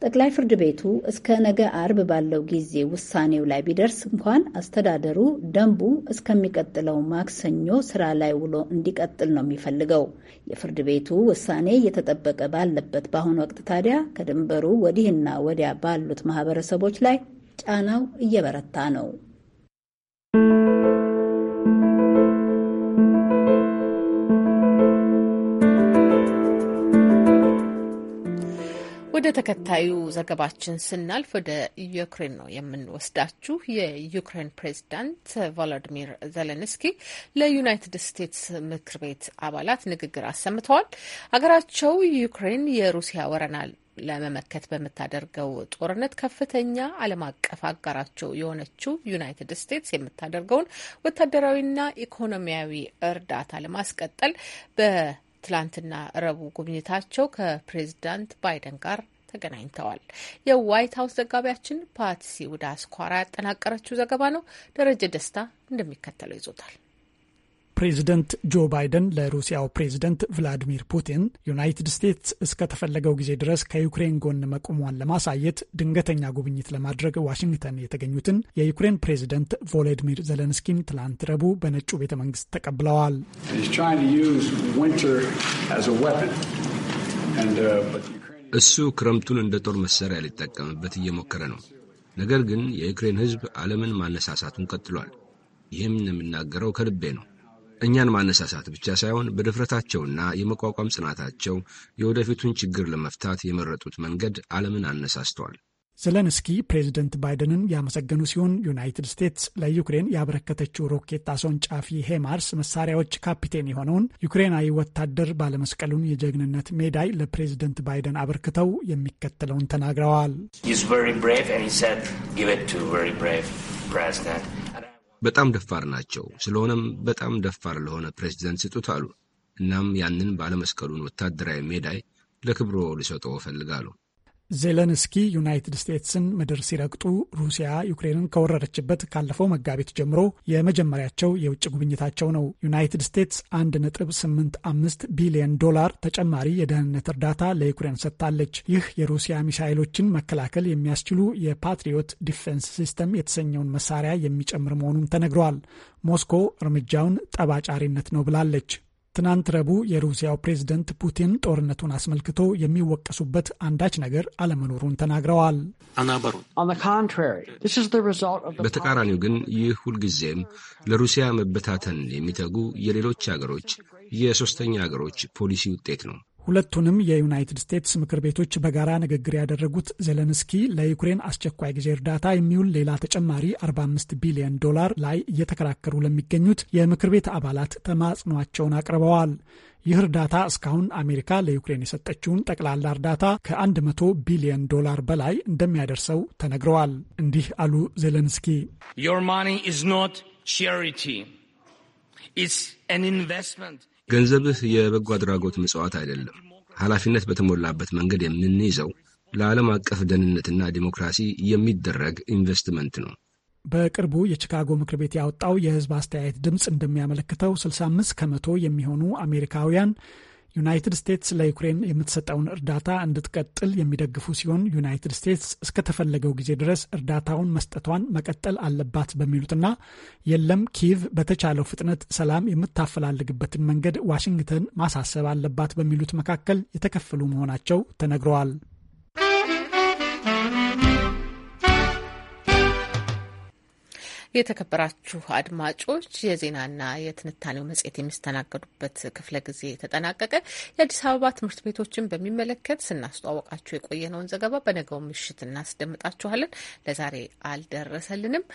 ጠቅላይ ፍርድ ቤቱ እስከ ነገ አርብ ባለው ጊዜ ውሳኔው ላይ ቢደርስ እንኳን አስተዳደሩ ደንቡ እስከሚቀጥለው ማክሰኞ ስራ ላይ ውሎ እንዲቀጥል ነው የሚፈልገው። የፍርድ ቤቱ ውሳኔ እየተጠበቀ ባለበት በአሁኑ ወቅት ታዲያ ከድንበሩ ወዲህና ወዲያ ባሉት ማህበረሰቦች ላይ ጫናው እየበረታ ነው። ወደ ተከታዩ ዘገባችን ስናልፍ ወደ ዩክሬን ነው የምንወስዳችሁ። የዩክሬን ፕሬዚዳንት ቮሎዲሚር ዘለንስኪ ለዩናይትድ ስቴትስ ምክር ቤት አባላት ንግግር አሰምተዋል። ሀገራቸው ዩክሬን የሩሲያ ወረና ለመመከት በምታደርገው ጦርነት ከፍተኛ ዓለም አቀፍ አጋራቸው የሆነችው ዩናይትድ ስቴትስ የምታደርገውን ወታደራዊና ኢኮኖሚያዊ እርዳታ ለማስቀጠል በትላንትና ረቡዕ ጉብኝታቸው ከፕሬዚዳንት ባይደን ጋር ተገናኝተዋል። የዋይት ሀውስ ዘጋቢያችን ፓትሲ አስኳራ ያጠናቀረችው ዘገባ ነው። ደረጀ ደስታ እንደሚከተለው ይዞታል። ፕሬዚደንት ጆ ባይደን ለሩሲያው ፕሬዚደንት ቭላዲሚር ፑቲን ዩናይትድ ስቴትስ እስከተፈለገው ጊዜ ድረስ ከዩክሬን ጎን መቆሟን ለማሳየት ድንገተኛ ጉብኝት ለማድረግ ዋሽንግተን የተገኙትን የዩክሬን ፕሬዚደንት ቮሎዲሚር ዘለንስኪን ትላንት ረቡዕ በነጩ ቤተ መንግስት ተቀብለዋል። uh, እሱ ክረምቱን እንደ ጦር መሳሪያ ሊጠቀምበት እየሞከረ ነው። ነገር ግን የዩክሬን ህዝብ ዓለምን ማነሳሳቱን ቀጥሏል። ይህም የምናገረው ከልቤ ነው። እኛን ማነሳሳት ብቻ ሳይሆን በድፍረታቸውና የመቋቋም ጽናታቸው የወደፊቱን ችግር ለመፍታት የመረጡት መንገድ ዓለምን አነሳስቷል። ዘለንስኪ ፕሬዚደንት ባይደንን ያመሰገኑ ሲሆን ዩናይትድ ስቴትስ ለዩክሬን ያበረከተችው ሮኬት አስወንጫፊ ሄማርስ መሳሪያዎች ካፒቴን የሆነውን ዩክሬናዊ ወታደር ባለመስቀሉን የጀግንነት ሜዳይ ለፕሬዚደንት ባይደን አበርክተው የሚከተለውን ተናግረዋል። በጣም ደፋር ናቸው። ስለሆነም በጣም ደፋር ለሆነ ፕሬዚደንት ስጡት አሉ። እናም ያንን ባለመስቀሉን ወታደራዊ ሜዳይ ለክብሮ ሊሰጠው እፈልጋለሁ። ዜለንስኪ ዩናይትድ ስቴትስን ምድር ሲረግጡ ሩሲያ ዩክሬንን ከወረረችበት ካለፈው መጋቢት ጀምሮ የመጀመሪያቸው የውጭ ጉብኝታቸው ነው። ዩናይትድ ስቴትስ 1.85 ቢሊዮን ዶላር ተጨማሪ የደህንነት እርዳታ ለዩክሬን ሰጥታለች። ይህ የሩሲያ ሚሳይሎችን መከላከል የሚያስችሉ የፓትሪዮት ዲፌንስ ሲስተም የተሰኘውን መሳሪያ የሚጨምር መሆኑን ተነግረዋል። ሞስኮ እርምጃውን ጠባጫሪነት ነው ብላለች። ትናንት ረቡዕ የሩሲያው ፕሬዝደንት ፑቲን ጦርነቱን አስመልክቶ የሚወቀሱበት አንዳች ነገር አለመኖሩን ተናግረዋል። በተቃራኒው ግን ይህ ሁልጊዜም ለሩሲያ መበታተን የሚተጉ የሌሎች አገሮች የሶስተኛ አገሮች ፖሊሲ ውጤት ነው። ሁለቱንም የዩናይትድ ስቴትስ ምክር ቤቶች በጋራ ንግግር ያደረጉት ዜሌንስኪ ለዩክሬን አስቸኳይ ጊዜ እርዳታ የሚውል ሌላ ተጨማሪ 45 ቢሊዮን ዶላር ላይ እየተከራከሩ ለሚገኙት የምክር ቤት አባላት ተማጽኗቸውን አቅርበዋል። ይህ እርዳታ እስካሁን አሜሪካ ለዩክሬን የሰጠችውን ጠቅላላ እርዳታ ከ100 ቢሊዮን ዶላር በላይ እንደሚያደርሰው ተነግረዋል። እንዲህ አሉ ዜሌንስኪ ዮር ማኒ ኢዝ ኖት ቻሪቲ ኢትስ አን ኢንቨስትመንት ገንዘብህ የበጎ አድራጎት ምጽዋት አይደለም። ኃላፊነት በተሞላበት መንገድ የምንይዘው ለዓለም አቀፍ ደህንነትና ዲሞክራሲ የሚደረግ ኢንቨስትመንት ነው። በቅርቡ የቺካጎ ምክር ቤት ያወጣው የህዝብ አስተያየት ድምፅ እንደሚያመለክተው 65 ከመቶ የሚሆኑ አሜሪካውያን ዩናይትድ ስቴትስ ለዩክሬን የምትሰጠውን እርዳታ እንድትቀጥል የሚደግፉ ሲሆን ዩናይትድ ስቴትስ እስከተፈለገው ጊዜ ድረስ እርዳታውን መስጠቷን መቀጠል አለባት በሚሉትና የለም ኪቭ በተቻለው ፍጥነት ሰላም የምታፈላልግበትን መንገድ ዋሽንግተን ማሳሰብ አለባት በሚሉት መካከል የተከፈሉ መሆናቸው ተነግረዋል። የተከበራችሁ አድማጮች የዜናና የትንታኔው መጽሔት የሚስተናገዱበት ክፍለ ጊዜ ተጠናቀቀ። የአዲስ አበባ ትምህርት ቤቶችን በሚመለከት ስናስተዋወቃችሁ የቆየነውን ዘገባ በነገው ምሽት እናስደምጣችኋለን። ለዛሬ አልደረሰልንም።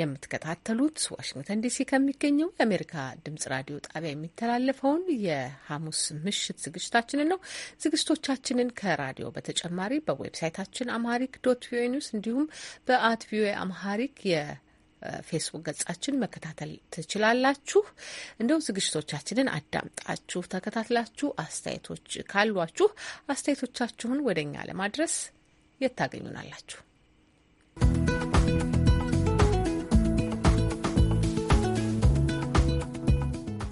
የምትከታተሉት ዋሽንግተን ዲሲ ከሚገኘው የአሜሪካ ድምጽ ራዲዮ ጣቢያ የሚተላለፈውን የሐሙስ ምሽት ዝግጅታችንን ነው። ዝግጅቶቻችንን ከራዲዮ በተጨማሪ በዌብሳይታችን አማሪክ ዶት ቪኦኤ ኒውስ እንዲሁም በአት ቪኦኤ አምሃሪክ የ ፌስቡክ ገጻችን መከታተል ትችላላችሁ። እንዲሁም ዝግጅቶቻችንን አዳምጣችሁ ተከታትላችሁ አስተያየቶች ካሏችሁ አስተያየቶቻችሁን ወደ እኛ ለማድረስ የት ታገኙናላችሁ?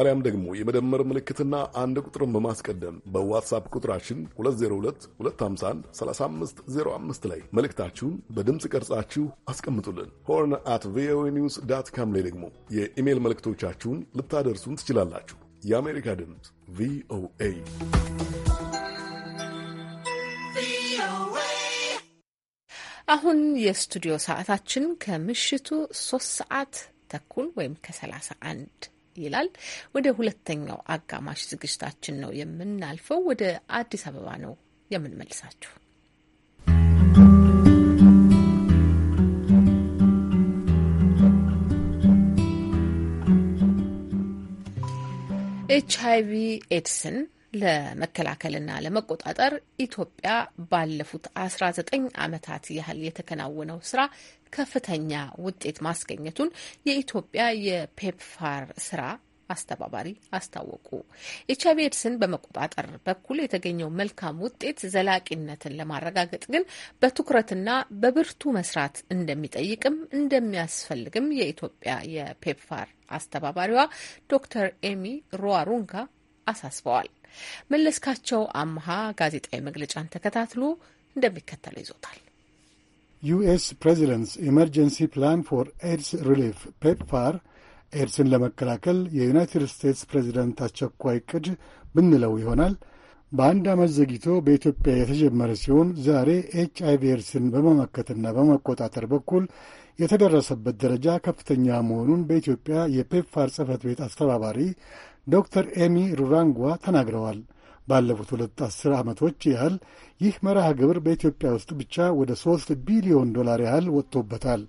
አሊያም ደግሞ የመደመር ምልክትና አንድ ቁጥርን በማስቀደም በዋትሳፕ ቁጥራችን 2022513505 ላይ መልእክታችሁን በድምፅ ቀርጻችሁ አስቀምጡልን። ሆርን አት ቪኦኤ ኒውስ ዳት ካም ላይ ደግሞ የኢሜይል መልእክቶቻችሁን ልታደርሱን ትችላላችሁ። የአሜሪካ ድምፅ ቪኦኤ አሁን የስቱዲዮ ሰዓታችን ከምሽቱ ሶስት ሰዓት ተኩል ወይም 3 አንድ ይላል። ወደ ሁለተኛው አጋማሽ ዝግጅታችን ነው የምናልፈው። ወደ አዲስ አበባ ነው የምንመልሳችሁ። ኤች ቪ ኤድስን ለመከላከልና ለመቆጣጠር ኢትዮጵያ ባለፉት 19 ዓመታት ያህል የተከናወነው ስራ ከፍተኛ ውጤት ማስገኘቱን የኢትዮጵያ የፔፕፋር ስራ አስተባባሪ አስታወቁ። ኤች አይቪ ኤድስን በመቆጣጠር በኩል የተገኘው መልካም ውጤት ዘላቂነትን ለማረጋገጥ ግን በትኩረትና በብርቱ መስራት እንደሚጠይቅም እንደሚያስፈልግም የኢትዮጵያ የፔፕፋር አስተባባሪዋ ዶክተር ኤሚ ሮዋሩንጋ አሳስበዋል። መለስካቸው አምሃ ጋዜጣዊ መግለጫን ተከታትሎ እንደሚከተለው ይዞታል። ዩኤስ ፕሬዚደንትስ ኢመርጀንሲ ፕላን ፎር ኤድስ ሪሊፍ ፔፕፋር ኤድስን ለመከላከል የዩናይትድ ስቴትስ ፕሬዚደንት አስቸኳይ እቅድ ብንለው ይሆናል በአንድ ዓመት ዘግይቶ በኢትዮጵያ የተጀመረ ሲሆን ዛሬ ኤች አይቪ ኤድስን በመመከትና በመቆጣጠር በኩል የተደረሰበት ደረጃ ከፍተኛ መሆኑን በኢትዮጵያ የፔፕፋር ጽህፈት ቤት አስተባባሪ ዶክተር ኤሚ ሩራንጓ ተናግረዋል። ባለፉት ሁለት አስር ዓመቶች ያህል ይህ መርሃ ግብር በኢትዮጵያ ውስጥ ብቻ ወደ ሦስት ቢሊዮን ዶላር ያህል ወጥቶበታል።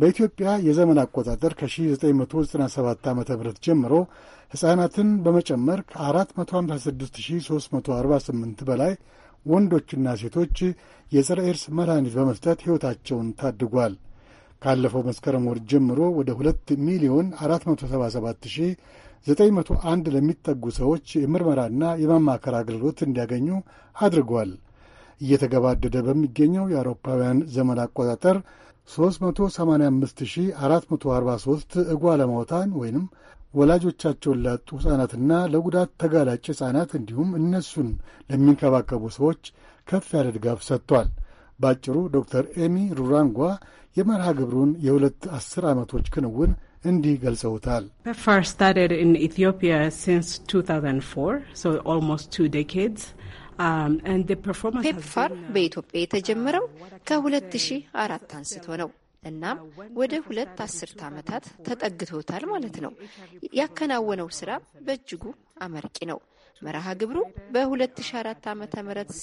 በኢትዮጵያ የዘመን አቆጣጠር ከ1997 ዓ ም ጀምሮ ሕፃናትን በመጨመር ከ456348 በላይ ወንዶችና ሴቶች የጸረ ኤርስ መድኃኒት በመስጠት ሕይወታቸውን ታድጓል። ካለፈው መስከረም ወር ጀምሮ ወደ 2 ሚሊዮን 477 901 ለሚጠጉ ሰዎች የምርመራና የማማከር አገልግሎት እንዲያገኙ አድርጓል። እየተገባደደ በሚገኘው የአውሮፓውያን ዘመን አቆጣጠር 385443 እጓ ለማውታን ወይንም ወላጆቻቸውን ላጡ ሕፃናትና ለጉዳት ተጋላጭ ሕፃናት እንዲሁም እነሱን ለሚንከባከቡ ሰዎች ከፍ ያለ ድጋፍ ሰጥቷል። ባጭሩ ዶክተር ኤሚ ሩራንጓ የመርሃ ግብሩን የሁለት አስር ዓመቶች ክንውን እንዲህ ገልጸውታል። ፔፕፋር በኢትዮጵያ የተጀመረው ከ2004 አንስቶ ነው። እናም ወደ ሁለት አስርት ዓመታት ተጠግቶታል ማለት ነው። ያከናወነው ስራ በእጅጉ አመርቂ ነው። መርሃ ግብሩ በ2004 ዓ.ም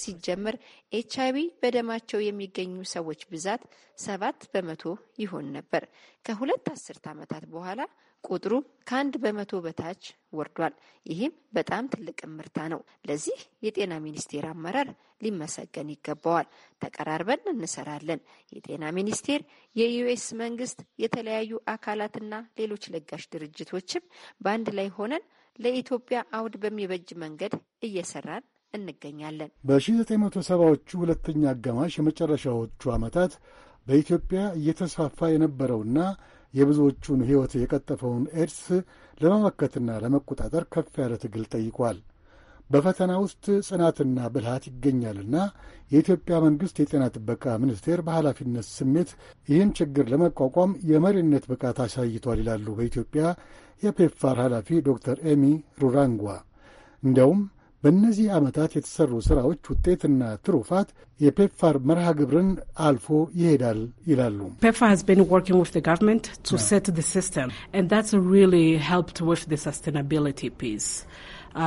ሲጀመር ኤች አይቪ በደማቸው የሚገኙ ሰዎች ብዛት ሰባት በመቶ ይሆን ነበር። ከሁለት አስርት ዓመታት በኋላ ቁጥሩ ከአንድ በመቶ በታች ወርዷል። ይህም በጣም ትልቅ ምርታ ነው። ለዚህ የጤና ሚኒስቴር አመራር ሊመሰገን ይገባዋል። ተቀራርበን እንሰራለን። የጤና ሚኒስቴር፣ የዩኤስ መንግስት፣ የተለያዩ አካላትና ሌሎች ለጋሽ ድርጅቶችም በአንድ ላይ ሆነን ለኢትዮጵያ አውድ በሚበጅ መንገድ እየሰራን እንገኛለን። በ1970ዎቹ ሁለተኛ አጋማሽ የመጨረሻዎቹ ዓመታት በኢትዮጵያ እየተስፋፋ የነበረውና የብዙዎቹን ሕይወት የቀጠፈውን ኤድስ ለመመከትና ለመቆጣጠር ከፍ ያለ ትግል ጠይቋል። በፈተና ውስጥ ጽናትና ብልሃት ይገኛልና የኢትዮጵያ መንግሥት የጤና ጥበቃ ሚኒስቴር በኃላፊነት ስሜት ይህን ችግር ለመቋቋም የመሪነት ብቃት አሳይቷል ይላሉ በኢትዮጵያ የፔፕፋር ኃላፊ ዶክተር ኤሚ ሩራንጓ። እንዲያውም በእነዚህ ዓመታት የተሠሩ ሥራዎች ውጤትና ትሩፋት የፔፕፋር መርሃ ግብርን አልፎ ይሄዳል ይላሉ። Uh,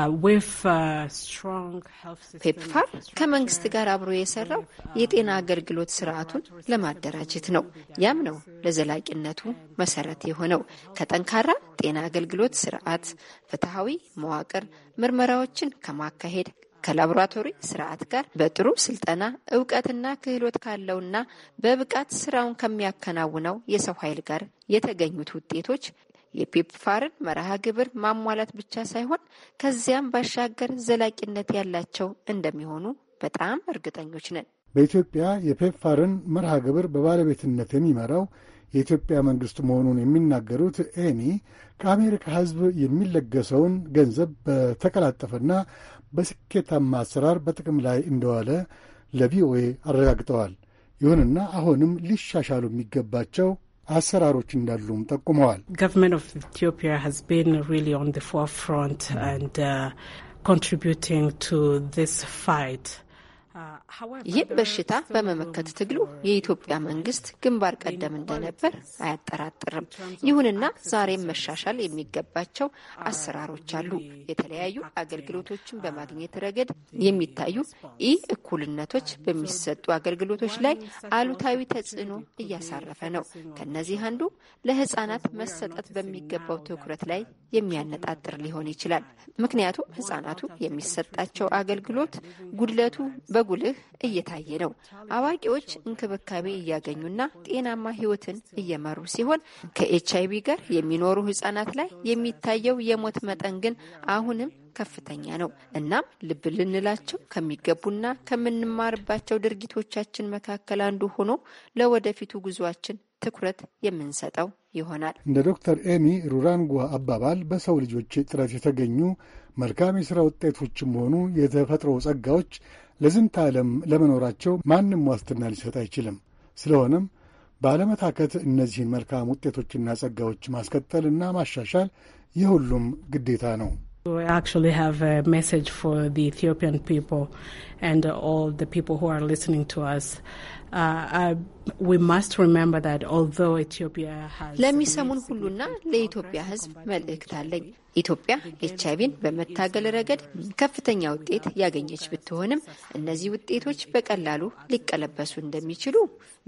uh, ፔፕፋር ከመንግስት ጋር አብሮ የሰራው uh, የጤና አገልግሎት ስርዓቱን ለማደራጀት ነው። ያም ነው ለዘላቂነቱ መሰረት የሆነው። ከጠንካራ ጤና አገልግሎት ስርዓት፣ ፍትሐዊ መዋቅር፣ ምርመራዎችን ከማካሄድ ከላቦራቶሪ ስርዓት ጋር በጥሩ ስልጠና እውቀትና ክህሎት ካለውና በብቃት ስራውን ከሚያከናውነው የሰው ኃይል ጋር የተገኙት ውጤቶች የፔፕፋርን መርሃ ግብር ማሟላት ብቻ ሳይሆን ከዚያም ባሻገር ዘላቂነት ያላቸው እንደሚሆኑ በጣም እርግጠኞች ነን። በኢትዮጵያ የፔፕፋርን መርሃ ግብር በባለቤትነት የሚመራው የኢትዮጵያ መንግስት መሆኑን የሚናገሩት ኤኒ ከአሜሪካ ሕዝብ የሚለገሰውን ገንዘብ በተቀላጠፈና በስኬታማ አሰራር በጥቅም ላይ እንደዋለ ለቪኦኤ አረጋግጠዋል። ይሁንና አሁንም ሊሻሻሉ የሚገባቸው አሰራሮች እንዳሉም ጠቁመዋል። ይህም በሽታ በመመከት ትግሉ የኢትዮጵያ መንግስት ግንባር ቀደም እንደነበር አያጠራጥርም። ይሁንና ዛሬም መሻሻል የሚገባቸው አሰራሮች አሉ። የተለያዩ አገልግሎቶችን በማግኘት ረገድ የሚታዩ ኢ እኩልነቶች በሚሰጡ አገልግሎቶች ላይ አሉታዊ ተጽዕኖ እያሳረፈ ነው። ከነዚህ አንዱ ለህጻናት መሰጠት በሚገባው ትኩረት ላይ የሚያነጣጥር ሊሆን ይችላል። ምክንያቱም ህጻናቱ የሚሰጣቸው አገልግሎት ጉድለቱ በጉልህ እየታየ ነው። አዋቂዎች እንክብካቤ እያገኙና ጤናማ ህይወትን እየመሩ ሲሆን ከኤች አይቪ ጋር የሚኖሩ ህጻናት ላይ የሚታየው የሞት መጠን ግን አሁንም ከፍተኛ ነው። እናም ልብ ልንላቸው ከሚገቡና ከምንማርባቸው ድርጊቶቻችን መካከል አንዱ ሆኖ ለወደፊቱ ጉዟችን ትኩረት የምንሰጠው ይሆናል። እንደ ዶክተር ኤሚ ሩራንጓ አባባል በሰው ልጆች ጥረት የተገኙ መልካም የሥራ ውጤቶችም ሆኑ የተፈጥሮ ጸጋዎች ለዝንተ ዓለም ለመኖራቸው ማንም ዋስትና ሊሰጥ አይችልም። ስለሆነም ባለመታከት እነዚህን መልካም ውጤቶችና ጸጋዎች ማስቀጠልና ማሻሻል የሁሉም ግዴታ ነው። Uh, uh, ለሚሰሙን ሁሉና ለኢትዮጵያ ሕዝብ መልእክት አለኝ። ኢትዮጵያ ኤች አይቪን በመታገል ረገድ ከፍተኛ ውጤት ያገኘች ብትሆንም እነዚህ ውጤቶች በቀላሉ ሊቀለበሱ እንደሚችሉ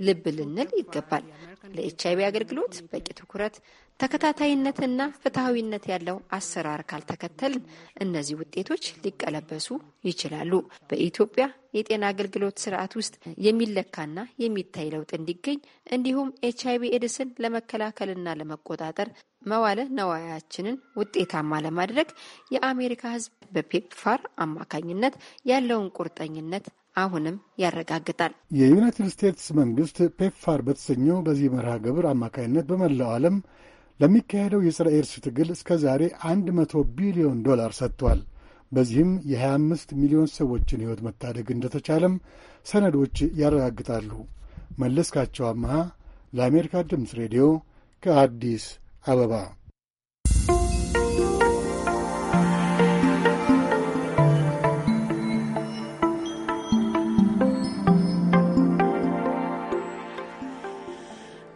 ልብ ልንል ይገባል። ለኤች አይቪ አገልግሎት በቂ ትኩረት ተከታታይነትና ፍትሐዊነት ያለው አሰራር ካልተከተልን እነዚህ ውጤቶች ሊቀለበሱ ይችላሉ። በኢትዮጵያ የጤና አገልግሎት ስርዓት ውስጥ የሚለካና የሚታይ ለውጥ እንዲገኝ እንዲሁም ኤች አይቪ ኤድስን ለመከላከልና ለመቆጣጠር መዋለ ነዋያችንን ውጤታማ ለማድረግ የአሜሪካ ሕዝብ በፔፕፋር አማካኝነት ያለውን ቁርጠኝነት አሁንም ያረጋግጣል። የዩናይትድ ስቴትስ መንግስት ፔፕፋር በተሰኘው በዚህ መርሃ ግብር አማካኝነት በመላው ዓለም ለሚካሄደው የጸረ ኤድስ ትግል እስከ ዛሬ 100 ቢሊዮን ዶላር ሰጥቷል። በዚህም የ25 ሚሊዮን ሰዎችን ሕይወት መታደግ እንደተቻለም ሰነዶች ያረጋግጣሉ። መለስካቸው አመሃ ለአሜሪካ ድምፅ ሬዲዮ ከአዲስ አበባ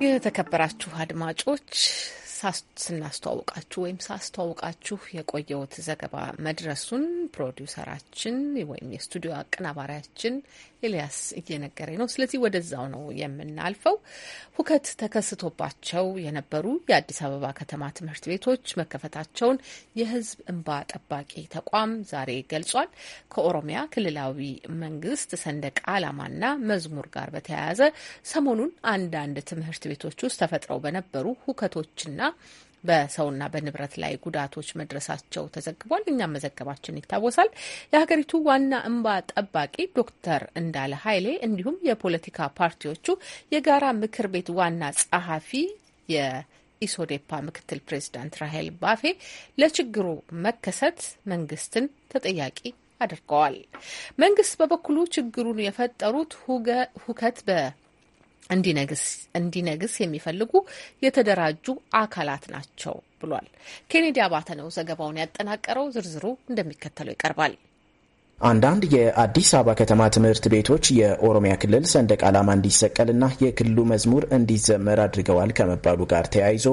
የተከበራችሁ አድማጮች ስናስተዋውቃችሁ ወይም ሳስተዋውቃችሁ የቆየውት ዘገባ መድረሱን ፕሮዲውሰራችን ወይም የስቱዲዮ አቀናባሪያችን ኤልያስ እየነገረኝ ነው። ስለዚህ ወደዛው ነው የምናልፈው። ሁከት ተከስቶባቸው የነበሩ የአዲስ አበባ ከተማ ትምህርት ቤቶች መከፈታቸውን የሕዝብ እንባ ጠባቂ ተቋም ዛሬ ገልጿል። ከኦሮሚያ ክልላዊ መንግስት ሰንደቅ ዓላማና መዝሙር ጋር በተያያዘ ሰሞኑን አንዳንድ ትምህርት ቤቶች ውስጥ ተፈጥረው በነበሩ ሁከቶችና በሰውና በንብረት ላይ ጉዳቶች መድረሳቸው ተዘግቧል። እኛም መዘገባችን ይታወሳል። የሀገሪቱ ዋና እንባ ጠባቂ ዶክተር እንዳለ ኃይሌ እንዲሁም የፖለቲካ ፓርቲዎቹ የጋራ ምክር ቤት ዋና ጸሐፊ የኢሶዴፓ ምክትል ፕሬዚዳንት ራሄል ባፌ ለችግሩ መከሰት መንግስትን ተጠያቂ አድርገዋል። መንግስት በበኩሉ ችግሩን የፈጠሩት ሁከት በ እንዲነግስ የሚፈልጉ የተደራጁ አካላት ናቸው ብሏል። ኬኔዲ አባተ ነው ዘገባውን ያጠናቀረው። ዝርዝሩ እንደሚከተለው ይቀርባል። አንዳንድ የአዲስ አበባ ከተማ ትምህርት ቤቶች የኦሮሚያ ክልል ሰንደቅ ዓላማ እንዲሰቀልና የክልሉ መዝሙር እንዲዘመር አድርገዋል ከመባሉ ጋር ተያይዞ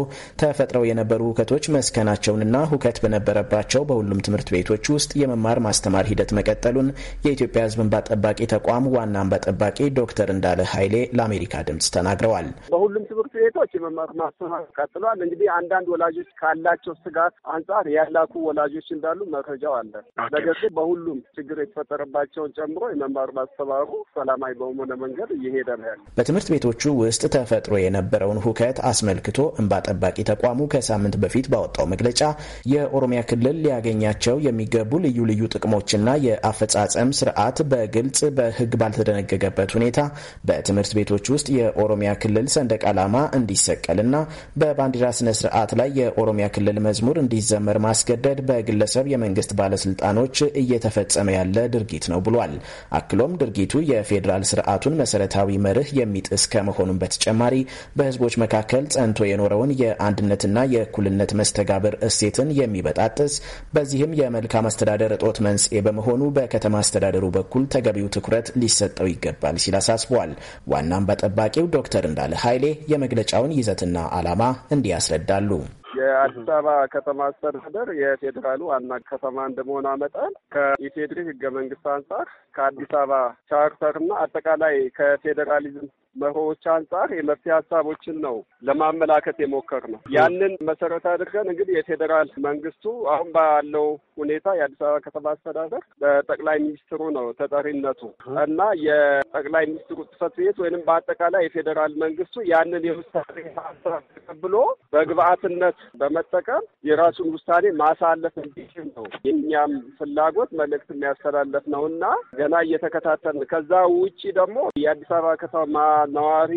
ተፈጥረው የነበሩ ሁከቶች መስከናቸውንና ሁከት በነበረባቸው በሁሉም ትምህርት ቤቶች ውስጥ የመማር ማስተማር ሂደት መቀጠሉን የኢትዮጵያ ሕዝብ እንባ ጠባቂ ተቋም ዋና እንባ ጠባቂ ዶክተር እንዳለ ኃይሌ ለአሜሪካ ድምጽ ተናግረዋል። በሁሉም ትምህርት ቤቶች የመማር ማስተማር ቀጥሏል። እንግዲህ አንዳንድ ወላጆች ካላቸው ስጋት አንጻር ያላኩ ወላጆች እንዳሉ መረጃው አለ። ነገር ግን በሁሉም ችግር የተፈጠረባቸውን ጨምሮ የመማር ማስተማሩ ሰላማዊ በሆነ መንገድ እየሄደ ነው ያለ። በትምህርት ቤቶቹ ውስጥ ተፈጥሮ የነበረውን ሁከት አስመልክቶ እንባ ጠባቂ ተቋሙ ከሳምንት በፊት ባወጣው መግለጫ የኦሮሚያ ክልል ሊያገኛቸው የሚገቡ ልዩ ልዩ ጥቅሞችና የአፈጻጸም ስርዓት በግልጽ በህግ ባልተደነገገበት ሁኔታ በትምህርት ቤቶች ውስጥ የኦሮሚያ ክልል ሰንደቅ ዓላማ እንዲሰቀልና በባንዲራ ስነ ስርዓት ላይ የኦሮሚያ ክልል መዝሙር እንዲዘመር ማስገደድ በግለሰብ የመንግስት ባለስልጣኖች እየተፈጸመ ያለ ያለ ድርጊት ነው ብሏል። አክሎም ድርጊቱ የፌዴራል ስርዓቱን መሰረታዊ መርህ የሚጥስ ከመሆኑም በተጨማሪ በህዝቦች መካከል ጸንቶ የኖረውን የአንድነትና የእኩልነት መስተጋብር እሴትን የሚበጣጥስ በዚህም የመልካም አስተዳደር እጦት መንስኤ በመሆኑ በከተማ አስተዳደሩ በኩል ተገቢው ትኩረት ሊሰጠው ይገባል ሲል አሳስቧል። ዋናም በጠባቂው ዶክተር እንዳለ ኃይሌ የመግለጫውን ይዘትና ዓላማ እንዲያስረዳሉ። የአዲስ አበባ ከተማ አስተዳደር የፌዴራሉ ዋና ከተማ እንደመሆኗ መጠን ከኢፌድሪ ህገ መንግስት አንጻር ከአዲስ አበባ ቻርተርና አጠቃላይ ከፌዴራሊዝም መርሆዎች አንጻር የመፍትሄ ሀሳቦችን ነው ለማመላከት የሞከር ነው። ያንን መሰረት አድርገን እንግዲህ የፌዴራል መንግስቱ አሁን ባለው ሁኔታ የአዲስ አበባ ከተማ አስተዳደር በጠቅላይ ሚኒስትሩ ነው ተጠሪነቱ እና የጠቅላይ ሚኒስትሩ ጽህፈት ቤት ወይንም በአጠቃላይ የፌዴራል መንግስቱ ያንን የውሳኔ ሀሳብ ተቀብሎ በግብአትነት በመጠቀም የራሱን ውሳኔ ማሳለፍ እንዲችል ነው የእኛም ፍላጎት መልእክት የሚያስተላለፍ ነው እና ገና እየተከታተል ከዛ ውጪ ደግሞ የአዲስ አበባ ከተማ ነዋሪ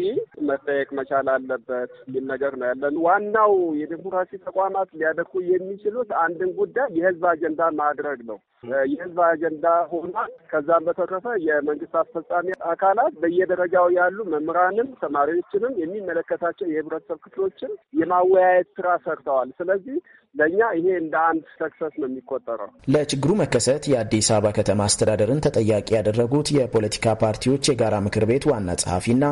መጠየቅ መቻል አለበት የሚል ነገር ነው ያለን። ዋናው የዲሞክራሲ ተቋማት ሊያደርጉ የሚችሉት አንድን ጉዳይ የህዝብ አጀንዳ ማድረግ ነው። የህዝብ አጀንዳ ሆና ከዛም በተረፈ የመንግስት አስፈጻሚ አካላት በየደረጃው ያሉ መምህራንም፣ ተማሪዎችንም የሚመለከታቸው የህብረተሰብ ክፍሎችን የማወያየት ስራ ሰርተዋል። ስለዚህ ለእኛ ይሄ እንደ አንድ ሰክሰስ ነው የሚቆጠረው። ለችግሩ መከሰት የአዲስ አበባ ከተማ አስተዳደርን ተጠያቂ ያደረጉት የፖለቲካ ፓርቲዎች የጋራ ምክር ቤት ዋና ጸሐፊና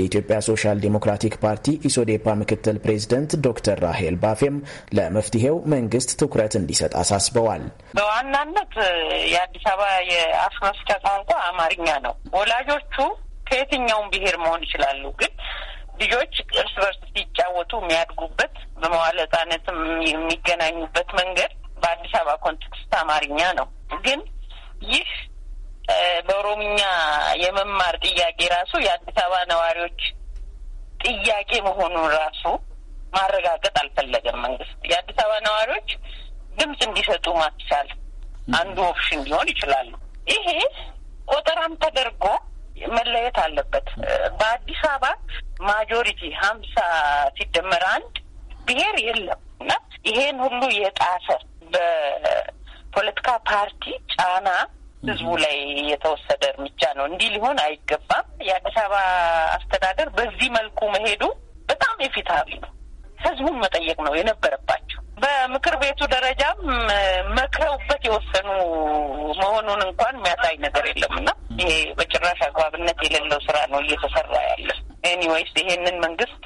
የኢትዮጵያ ሶሻል ዴሞክራቲክ ፓርቲ ኢሶዴፓ ምክትል ፕሬዚደንት ዶክተር ራሄል ባፌም ለመፍትሄው መንግስት ትኩረት እንዲሰጥ አሳስበዋል። በዋናነት የአዲስ አበባ የአፍሮ ቋንቋ አማርኛ ነው። ወላጆቹ ከየትኛውም ብሔር መሆን ይችላሉ ግን ልጆች እርስ በርስ ሲጫወቱ የሚያድጉበት በመዋለ ህጻነትም የሚገናኙበት መንገድ በአዲስ አበባ ኮንቴክስት አማርኛ ነው። ግን ይህ በኦሮምኛ የመማር ጥያቄ ራሱ የአዲስ አበባ ነዋሪዎች ጥያቄ መሆኑን ራሱ ማረጋገጥ አልፈለገም መንግስት። የአዲስ አበባ ነዋሪዎች ድምፅ እንዲሰጡ ማስቻል አንዱ ኦፕሽን ሊሆን ይችላሉ። ይሄ ቆጠራም ተደርጎ መለየት አለበት። በአዲስ አበባ ማጆሪቲ ሀምሳ ሲደመር አንድ ብሄር የለም እና ይሄን ሁሉ የጣሰ በፖለቲካ ፓርቲ ጫና ህዝቡ ላይ የተወሰደ እርምጃ ነው። እንዲህ ሊሆን አይገባም። የአዲስ አበባ አስተዳደር በዚህ መልኩ መሄዱ በጣም የፊት ነው። ህዝቡን መጠየቅ ነው የነበረባቸው። በምክር ቤቱ ደረጃም መክረውበት የወሰኑ መሆኑን እንኳን የሚያሳይ ነገር የለም እና ይሄ በጭራሽ አግባብነት የሌለው ስራ ነው እየተሰራ ያለ። ኤኒዌይስ ይሄንን መንግስት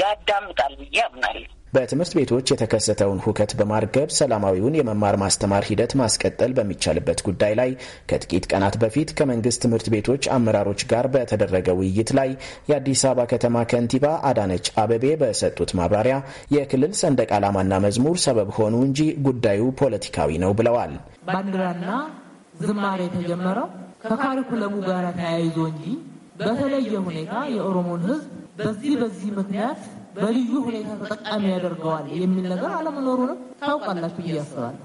ያዳምጣል ብዬ አምናለሁ። በትምህርት ቤቶች የተከሰተውን ሁከት በማርገብ ሰላማዊውን የመማር ማስተማር ሂደት ማስቀጠል በሚቻልበት ጉዳይ ላይ ከጥቂት ቀናት በፊት ከመንግስት ትምህርት ቤቶች አመራሮች ጋር በተደረገ ውይይት ላይ የአዲስ አበባ ከተማ ከንቲባ አዳነች አበቤ በሰጡት ማብራሪያ የክልል ሰንደቅ ዓላማና መዝሙር ሰበብ ሆኑ እንጂ ጉዳዩ ፖለቲካዊ ነው ብለዋል። ባንዲራና ዝማሬ የተጀመረው ከካሪኩለሙ ጋር ተያይዞ እንጂ በተለየ ሁኔታ የኦሮሞን ህዝብ በዚህ በዚህ ምክንያት በልዩ ሁኔታ ተጠቃሚ ያደርገዋል የሚል ነገር አለመኖሩንም ታውቃላችሁ ብዬ አስባለሁ።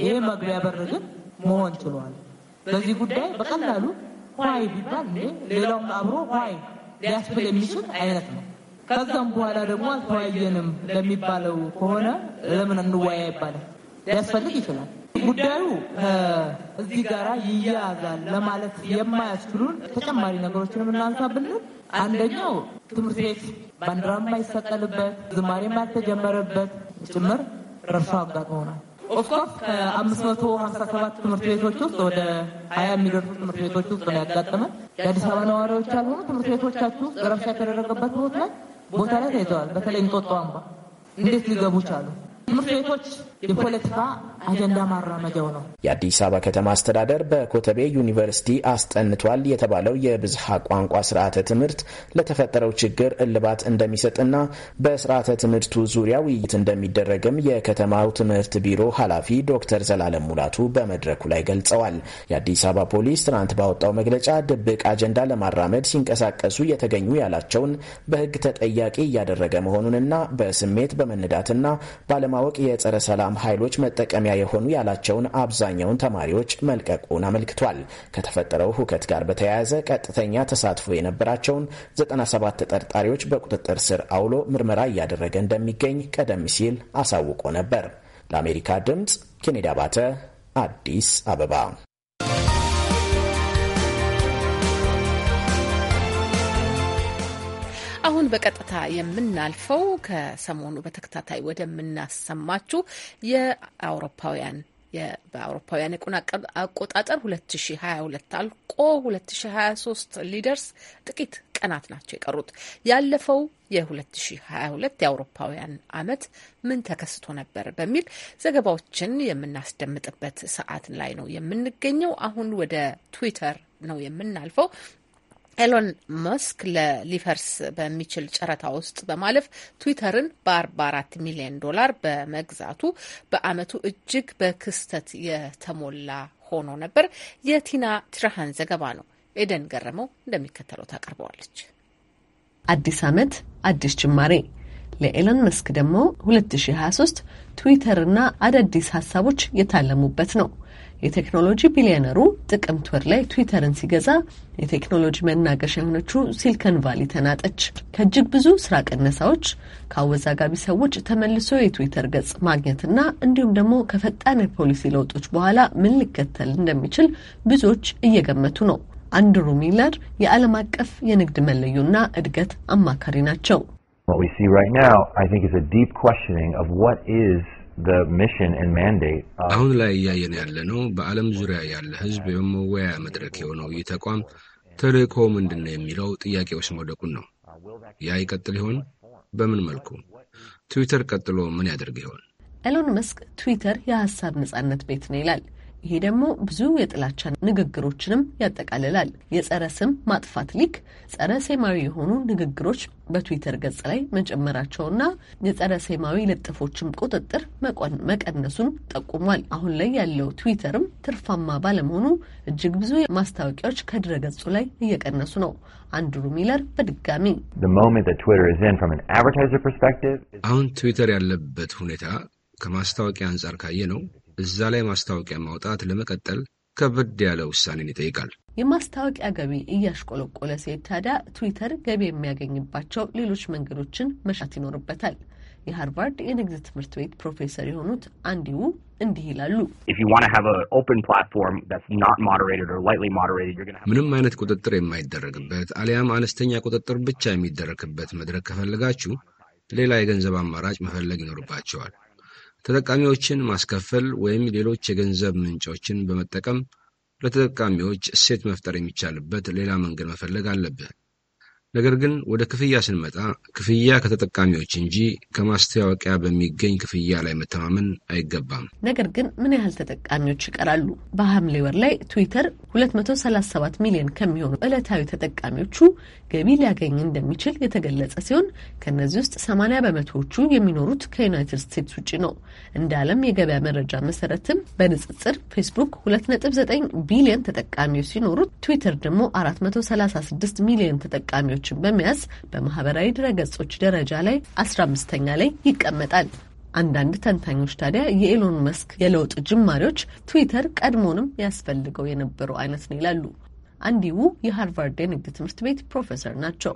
ይህ መግቢያ በር ግን መሆን ችሏል። በዚህ ጉዳይ በቀላሉ ኳይ ቢባል እ ሌላውም አብሮ ይ ሊያስብል የሚችል አይነት ነው። ከዛም በኋላ ደግሞ አልተወያየንም ለሚባለው ከሆነ ለምን እንወያ ይባላል ሊያስፈልግ ይችላል። ጉዳዩ እዚህ ጋራ ይያያዛል ለማለት የማያስችሉን ተጨማሪ ነገሮችን የምናንሳ ብንል አንደኛው ትምህርት ቤት ባንዲራ ባይሰቀልበት ዝማሬም ባልተጀመረበት ጭምር ረብሻ አጋጥሞናል። ኦፍኮርስ ከአምስት መቶ ሀምሳ ሰባት ትምህርት ቤቶች ውስጥ ወደ ሀያ የሚደርሱ ትምህርት ቤቶች ውስጥ ነው ያጋጠመ። የአዲስ አበባ ነዋሪዎች ያልሆኑ ትምህርት ቤቶቻችሁ ውስጥ ረብሻ የተደረገበት ቦታ ላይ ቦታ ላይ ተይዘዋል። በተለይ እንጦጦ አምባ እንዴት ሊገቡ ቻሉ? ትምህርት ቤቶች የፖለቲካ አጀንዳ ማራመጃው ነው። የአዲስ አበባ ከተማ አስተዳደር በኮተቤ ዩኒቨርሲቲ አስጠንቷል የተባለው የብዝሃ ቋንቋ ስርዓተ ትምህርት ለተፈጠረው ችግር እልባት እንደሚሰጥና በስርዓተ ትምህርቱ ዙሪያ ውይይት እንደሚደረግም የከተማው ትምህርት ቢሮ ኃላፊ ዶክተር ዘላለም ሙላቱ በመድረኩ ላይ ገልጸዋል። የአዲስ አበባ ፖሊስ ትናንት ባወጣው መግለጫ ድብቅ አጀንዳ ለማራመድ ሲንቀሳቀሱ የተገኙ ያላቸውን በህግ ተጠያቂ እያደረገ መሆኑንና በስሜት በመንዳትና ባለማወቅ የጸረ ሰላም የሰላም ኃይሎች መጠቀሚያ የሆኑ ያላቸውን አብዛኛውን ተማሪዎች መልቀቁን አመልክቷል። ከተፈጠረው ሁከት ጋር በተያያዘ ቀጥተኛ ተሳትፎ የነበራቸውን 97 ተጠርጣሪዎች በቁጥጥር ስር አውሎ ምርመራ እያደረገ እንደሚገኝ ቀደም ሲል አሳውቆ ነበር። ለአሜሪካ ድምፅ ኬኔዲ አባተ አዲስ አበባ አሁን በቀጥታ የምናልፈው ከሰሞኑ በተከታታይ ወደምናሰማችሁ የአውሮፓውያን በአውሮፓውያን አቆጣጠር 2022 አልቆ 2023 ሊደርስ ጥቂት ቀናት ናቸው የቀሩት። ያለፈው የ2022 የአውሮፓውያን አመት ምን ተከስቶ ነበር በሚል ዘገባዎችን የምናስደምጥበት ሰዓት ላይ ነው የምንገኘው። አሁን ወደ ትዊተር ነው የምናልፈው። ኤሎን መስክ ለሊፈርስ በሚችል ጨረታ ውስጥ በማለፍ ትዊተርን በ44 ሚሊዮን ዶላር በመግዛቱ በአመቱ እጅግ በክስተት የተሞላ ሆኖ ነበር። የቲና ትራሃን ዘገባ ነው። ኤደን ገረመው እንደሚከተለው ታቀርበዋለች። አዲስ አመት አዲስ ጅማሬ ለኤሎን መስክ ደግሞ 2023 ትዊተርና አዳዲስ ሀሳቦች የታለሙበት ነው። የቴክኖሎጂ ቢሊዮነሩ ጥቅምት ወር ላይ ትዊተርን ሲገዛ የቴክኖሎጂ መናገሻ የሆነችው ሲልከን ቫሊ ተናጠች። ከእጅግ ብዙ ስራ ቅነሳዎች፣ ከአወዛጋቢ ሰዎች ተመልሶ የትዊተር ገጽ ማግኘትና እንዲሁም ደግሞ ከፈጣን የፖሊሲ ለውጦች በኋላ ምን ሊከተል እንደሚችል ብዙዎች እየገመቱ ነው። አንድሩ ሚለር የዓለም አቀፍ የንግድ መለዮና እድገት አማካሪ ናቸው። What we see right now, I think, is a deep questioning of what is አሁን ላይ እያየን ያለነው በዓለም ዙሪያ ያለ ህዝብ የመወያያ መድረክ የሆነው ይህ ተቋም ተልእኮ ምንድን ነው የሚለው ጥያቄ መውደቁን ነው። ያ ይቀጥል ይሆን? በምን መልኩ? ትዊተር ቀጥሎ ምን ያደርግ ይሆን? ኤሎን መስክ ትዊተር የሀሳብ ነጻነት ቤት ነው ይላል። ይሄ ደግሞ ብዙ የጥላቻ ንግግሮችንም ያጠቃልላል። የጸረ ስም ማጥፋት ሊክ ጸረ ሴማዊ የሆኑ ንግግሮች በትዊተር ገጽ ላይ መጨመራቸውና የጸረ ሴማዊ ልጥፎችም ቁጥጥር መቀነሱን ጠቁሟል። አሁን ላይ ያለው ትዊተርም ትርፋማ ባለመሆኑ እጅግ ብዙ ማስታወቂያዎች ከድረ ገጹ ላይ እየቀነሱ ነው። አንድሩ ሚለር በድጋሚ አሁን ትዊተር ያለበት ሁኔታ ከማስታወቂያ አንጻር ካየ ነው እዛ ላይ ማስታወቂያ ማውጣት ለመቀጠል ከበድ ያለ ውሳኔን ይጠይቃል። የማስታወቂያ ገቢ እያሽቆለቆለ ሲሄድ ታዲያ ትዊተር ገቢ የሚያገኝባቸው ሌሎች መንገዶችን መሻት ይኖርበታል። የሃርቫርድ የንግድ ትምህርት ቤት ፕሮፌሰር የሆኑት አንዲሁ እንዲህ ይላሉ። ምንም አይነት ቁጥጥር የማይደረግበት አሊያም አነስተኛ ቁጥጥር ብቻ የሚደረግበት መድረክ ከፈለጋችሁ ሌላ የገንዘብ አማራጭ መፈለግ ይኖርባቸዋል። ተጠቃሚዎችን ማስከፈል ወይም ሌሎች የገንዘብ ምንጮችን በመጠቀም ለተጠቃሚዎች እሴት መፍጠር የሚቻልበት ሌላ መንገድ መፈለግ አለብህ። ነገር ግን ወደ ክፍያ ስንመጣ ክፍያ ከተጠቃሚዎች እንጂ ከማስታወቂያ በሚገኝ ክፍያ ላይ መተማመን አይገባም። ነገር ግን ምን ያህል ተጠቃሚዎች ይቀራሉ? በሐምሌ ወር ላይ ትዊተር 237 ሚሊዮን ከሚሆኑ ዕለታዊ ተጠቃሚዎቹ ገቢ ሊያገኝ እንደሚችል የተገለጸ ሲሆን ከእነዚህ ውስጥ 80 በመቶዎቹ የሚኖሩት ከዩናይትድ ስቴትስ ውጭ ነው። እንደ ዓለም የገበያ መረጃ መሰረትም በንጽጽር ፌስቡክ 2.9 ቢሊዮን ተጠቃሚዎች ሲኖሩት ትዊተር ደግሞ 436 ሚሊዮን ተጠቃሚዎች ርዕሶችን በመያዝ በማህበራዊ ድረገጾች ደረጃ ላይ አስራ አምስተኛ ላይ ይቀመጣል። አንዳንድ ተንታኞች ታዲያ የኤሎን መስክ የለውጥ ጅማሬዎች ትዊተር ቀድሞንም ያስፈልገው የነበረው አይነት ነው ይላሉ። አንዲ የሃርቫርድ የንግድ ትምህርት ቤት ፕሮፌሰር ናቸው።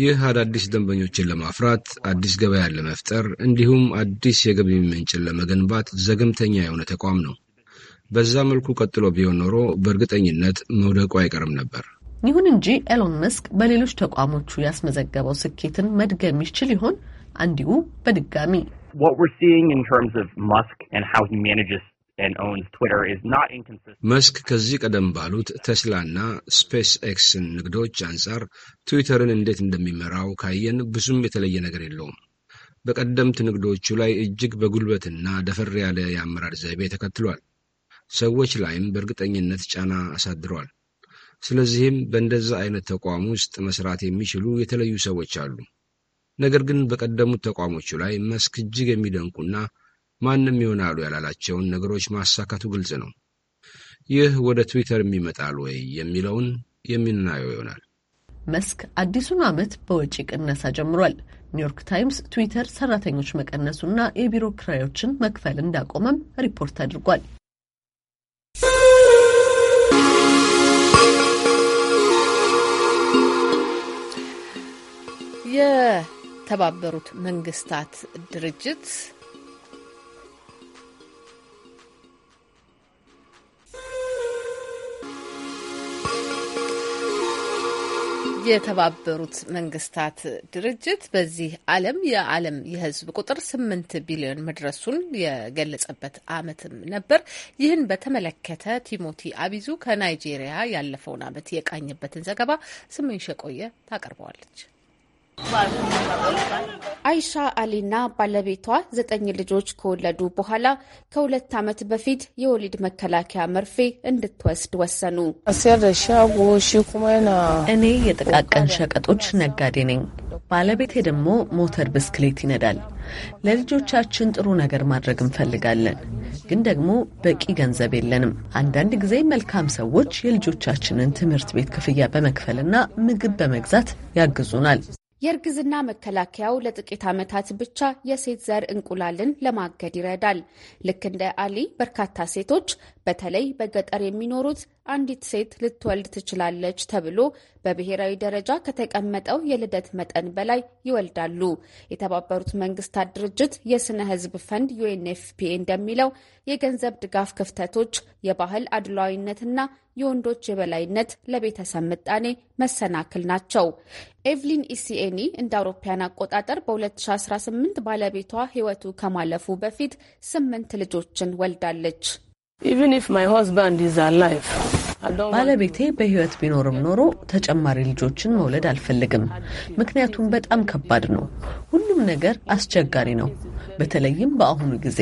ይህ አዳዲስ ደንበኞችን ለማፍራት አዲስ ገበያን ለመፍጠር እንዲሁም አዲስ የገቢ ምንጭን ለመገንባት ዘገምተኛ የሆነ ተቋም ነው። በዛ መልኩ ቀጥሎ ቢሆን ኖሮ በእርግጠኝነት መውደቁ አይቀርም ነበር። ይሁን እንጂ ኤሎን መስክ በሌሎች ተቋሞቹ ያስመዘገበው ስኬትን መድገም ይችል ይሆን? እንዲሁ በድጋሚ መስክ ከዚህ ቀደም ባሉት ቴስላና ስፔስ ኤክስን ንግዶች አንጻር ትዊተርን እንዴት እንደሚመራው ካየን ብዙም የተለየ ነገር የለውም። በቀደምት ንግዶቹ ላይ እጅግ በጉልበትና ደፈር ያለ የአመራር ዘይቤ ተከትሏል። ሰዎች ላይም በእርግጠኝነት ጫና አሳድሯል። ስለዚህም በእንደዛ አይነት ተቋም ውስጥ መስራት የሚችሉ የተለዩ ሰዎች አሉ። ነገር ግን በቀደሙት ተቋሞቹ ላይ መስክ እጅግ የሚደንቁና ማንም ይሆናሉ ያላላቸውን ነገሮች ማሳካቱ ግልጽ ነው። ይህ ወደ ትዊተር የሚመጣል ወይ የሚለውን የምናየው ይሆናል። መስክ አዲሱን ዓመት በወጪ ቅነሳ ጀምሯል። ኒውዮርክ ታይምስ ትዊተር ሰራተኞች መቀነሱና የቢሮ ክራዮችን መክፈል እንዳቆመም ሪፖርት አድርጓል። የተባበሩት መንግስታት ድርጅት የተባበሩት መንግስታት ድርጅት በዚህ ዓለም የዓለም የህዝብ ቁጥር ስምንት ቢሊዮን መድረሱን የገለጸበት ዓመትም ነበር። ይህን በተመለከተ ቲሞቲ አቢዙ ከናይጄሪያ ያለፈውን ዓመት የቃኝበትን ዘገባ ስምንሽ የቆየ ታቀርበዋለች። አይሻ አሊና ባለቤቷ ዘጠኝ ልጆች ከወለዱ በኋላ ከሁለት ዓመት በፊት የወሊድ መከላከያ መርፌ እንድትወስድ ወሰኑ። እኔ የጥቃቅን ሸቀጦች ነጋዴ ነኝ። ባለቤቴ ደግሞ ሞተር ብስክሌት ይነዳል። ለልጆቻችን ጥሩ ነገር ማድረግ እንፈልጋለን፣ ግን ደግሞ በቂ ገንዘብ የለንም። አንዳንድ ጊዜ መልካም ሰዎች የልጆቻችንን ትምህርት ቤት ክፍያ በመክፈልና ምግብ በመግዛት ያግዙናል። የእርግዝና መከላከያው ለጥቂት ዓመታት ብቻ የሴት ዘር እንቁላልን ለማገድ ይረዳል። ልክ እንደ አሊ በርካታ ሴቶች በተለይ በገጠር የሚኖሩት አንዲት ሴት ልትወልድ ትችላለች ተብሎ በብሔራዊ ደረጃ ከተቀመጠው የልደት መጠን በላይ ይወልዳሉ። የተባበሩት መንግስታት ድርጅት የስነ ሕዝብ ፈንድ ዩኤንኤፍፒኤ እንደሚለው የገንዘብ ድጋፍ ክፍተቶች፣ የባህል አድሏዊነትና የወንዶች የበላይነት ለቤተሰብ ምጣኔ መሰናክል ናቸው። ኤቭሊን ኢሲኤኒ እንደ አውሮፓያን አቆጣጠር በ2018 ባለቤቷ ሕይወቱ ከማለፉ በፊት ስምንት ልጆችን ወልዳለች። ባለቤቴ በሕይወት ቢኖርም ኖሮ ተጨማሪ ልጆችን መውለድ አልፈልግም። ምክንያቱም በጣም ከባድ ነው። ሁሉም ነገር አስቸጋሪ ነው፣ በተለይም በአሁኑ ጊዜ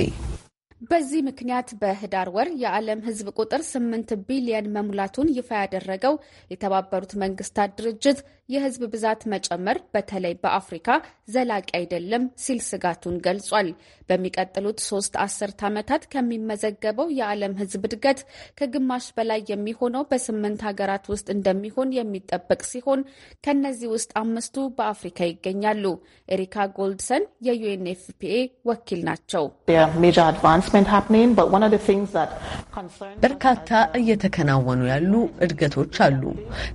በዚህ ምክንያት በህዳር ወር የዓለም ህዝብ ቁጥር 8 ቢሊየን መሙላቱን ይፋ ያደረገው የተባበሩት መንግስታት ድርጅት የህዝብ ብዛት መጨመር በተለይ በአፍሪካ ዘላቂ አይደለም ሲል ስጋቱን ገልጿል። በሚቀጥሉት ሶስት አስርት ዓመታት ከሚመዘገበው የዓለም ህዝብ እድገት ከግማሽ በላይ የሚሆነው በስምንት ሀገራት ውስጥ እንደሚሆን የሚጠበቅ ሲሆን ከነዚህ ውስጥ አምስቱ በአፍሪካ ይገኛሉ። ኤሪካ ጎልድሰን የዩኤንኤፍፒኤ ወኪል ናቸው። በርካታ እየተከናወኑ ያሉ እድገቶች አሉ።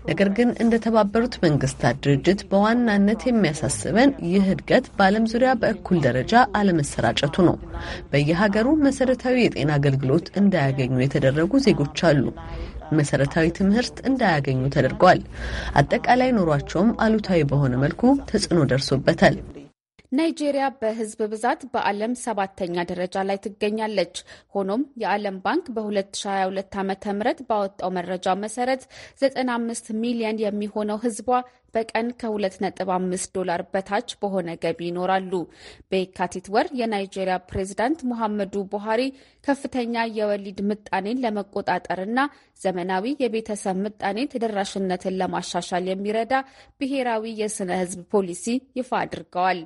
ነገር ግን እንደ ተባበሩት መንግስታት ድርጅት በዋናነት የሚያሳስበን ይህ እድገት በዓለም ዙሪያ በእኩል ደረጃ አለመሰራጨቱ ነው። በየሀገሩ መሰረታዊ የጤና አገልግሎት እንዳያገኙ የተደረጉ ዜጎች አሉ። መሰረታዊ ትምህርት እንዳያገኙ ተደርጓል። አጠቃላይ ኑሯቸውም አሉታዊ በሆነ መልኩ ተጽዕኖ ደርሶበታል። ናይጄሪያ በህዝብ ብዛት በዓለም ሰባተኛ ደረጃ ላይ ትገኛለች። ሆኖም የዓለም ባንክ በ2022 ዓ ም ባወጣው መረጃ መሰረት 95 ሚሊየን የሚሆነው ህዝቧ በቀን ከ2.5 ዶላር በታች በሆነ ገቢ ይኖራሉ። በየካቲት ወር የናይጄሪያ ፕሬዝዳንት ሙሐመዱ ቡሃሪ ከፍተኛ የወሊድ ምጣኔን ለመቆጣጠርና ዘመናዊ የቤተሰብ ምጣኔ ተደራሽነትን ለማሻሻል የሚረዳ ብሔራዊ የስነ ህዝብ ፖሊሲ ይፋ አድርገዋል።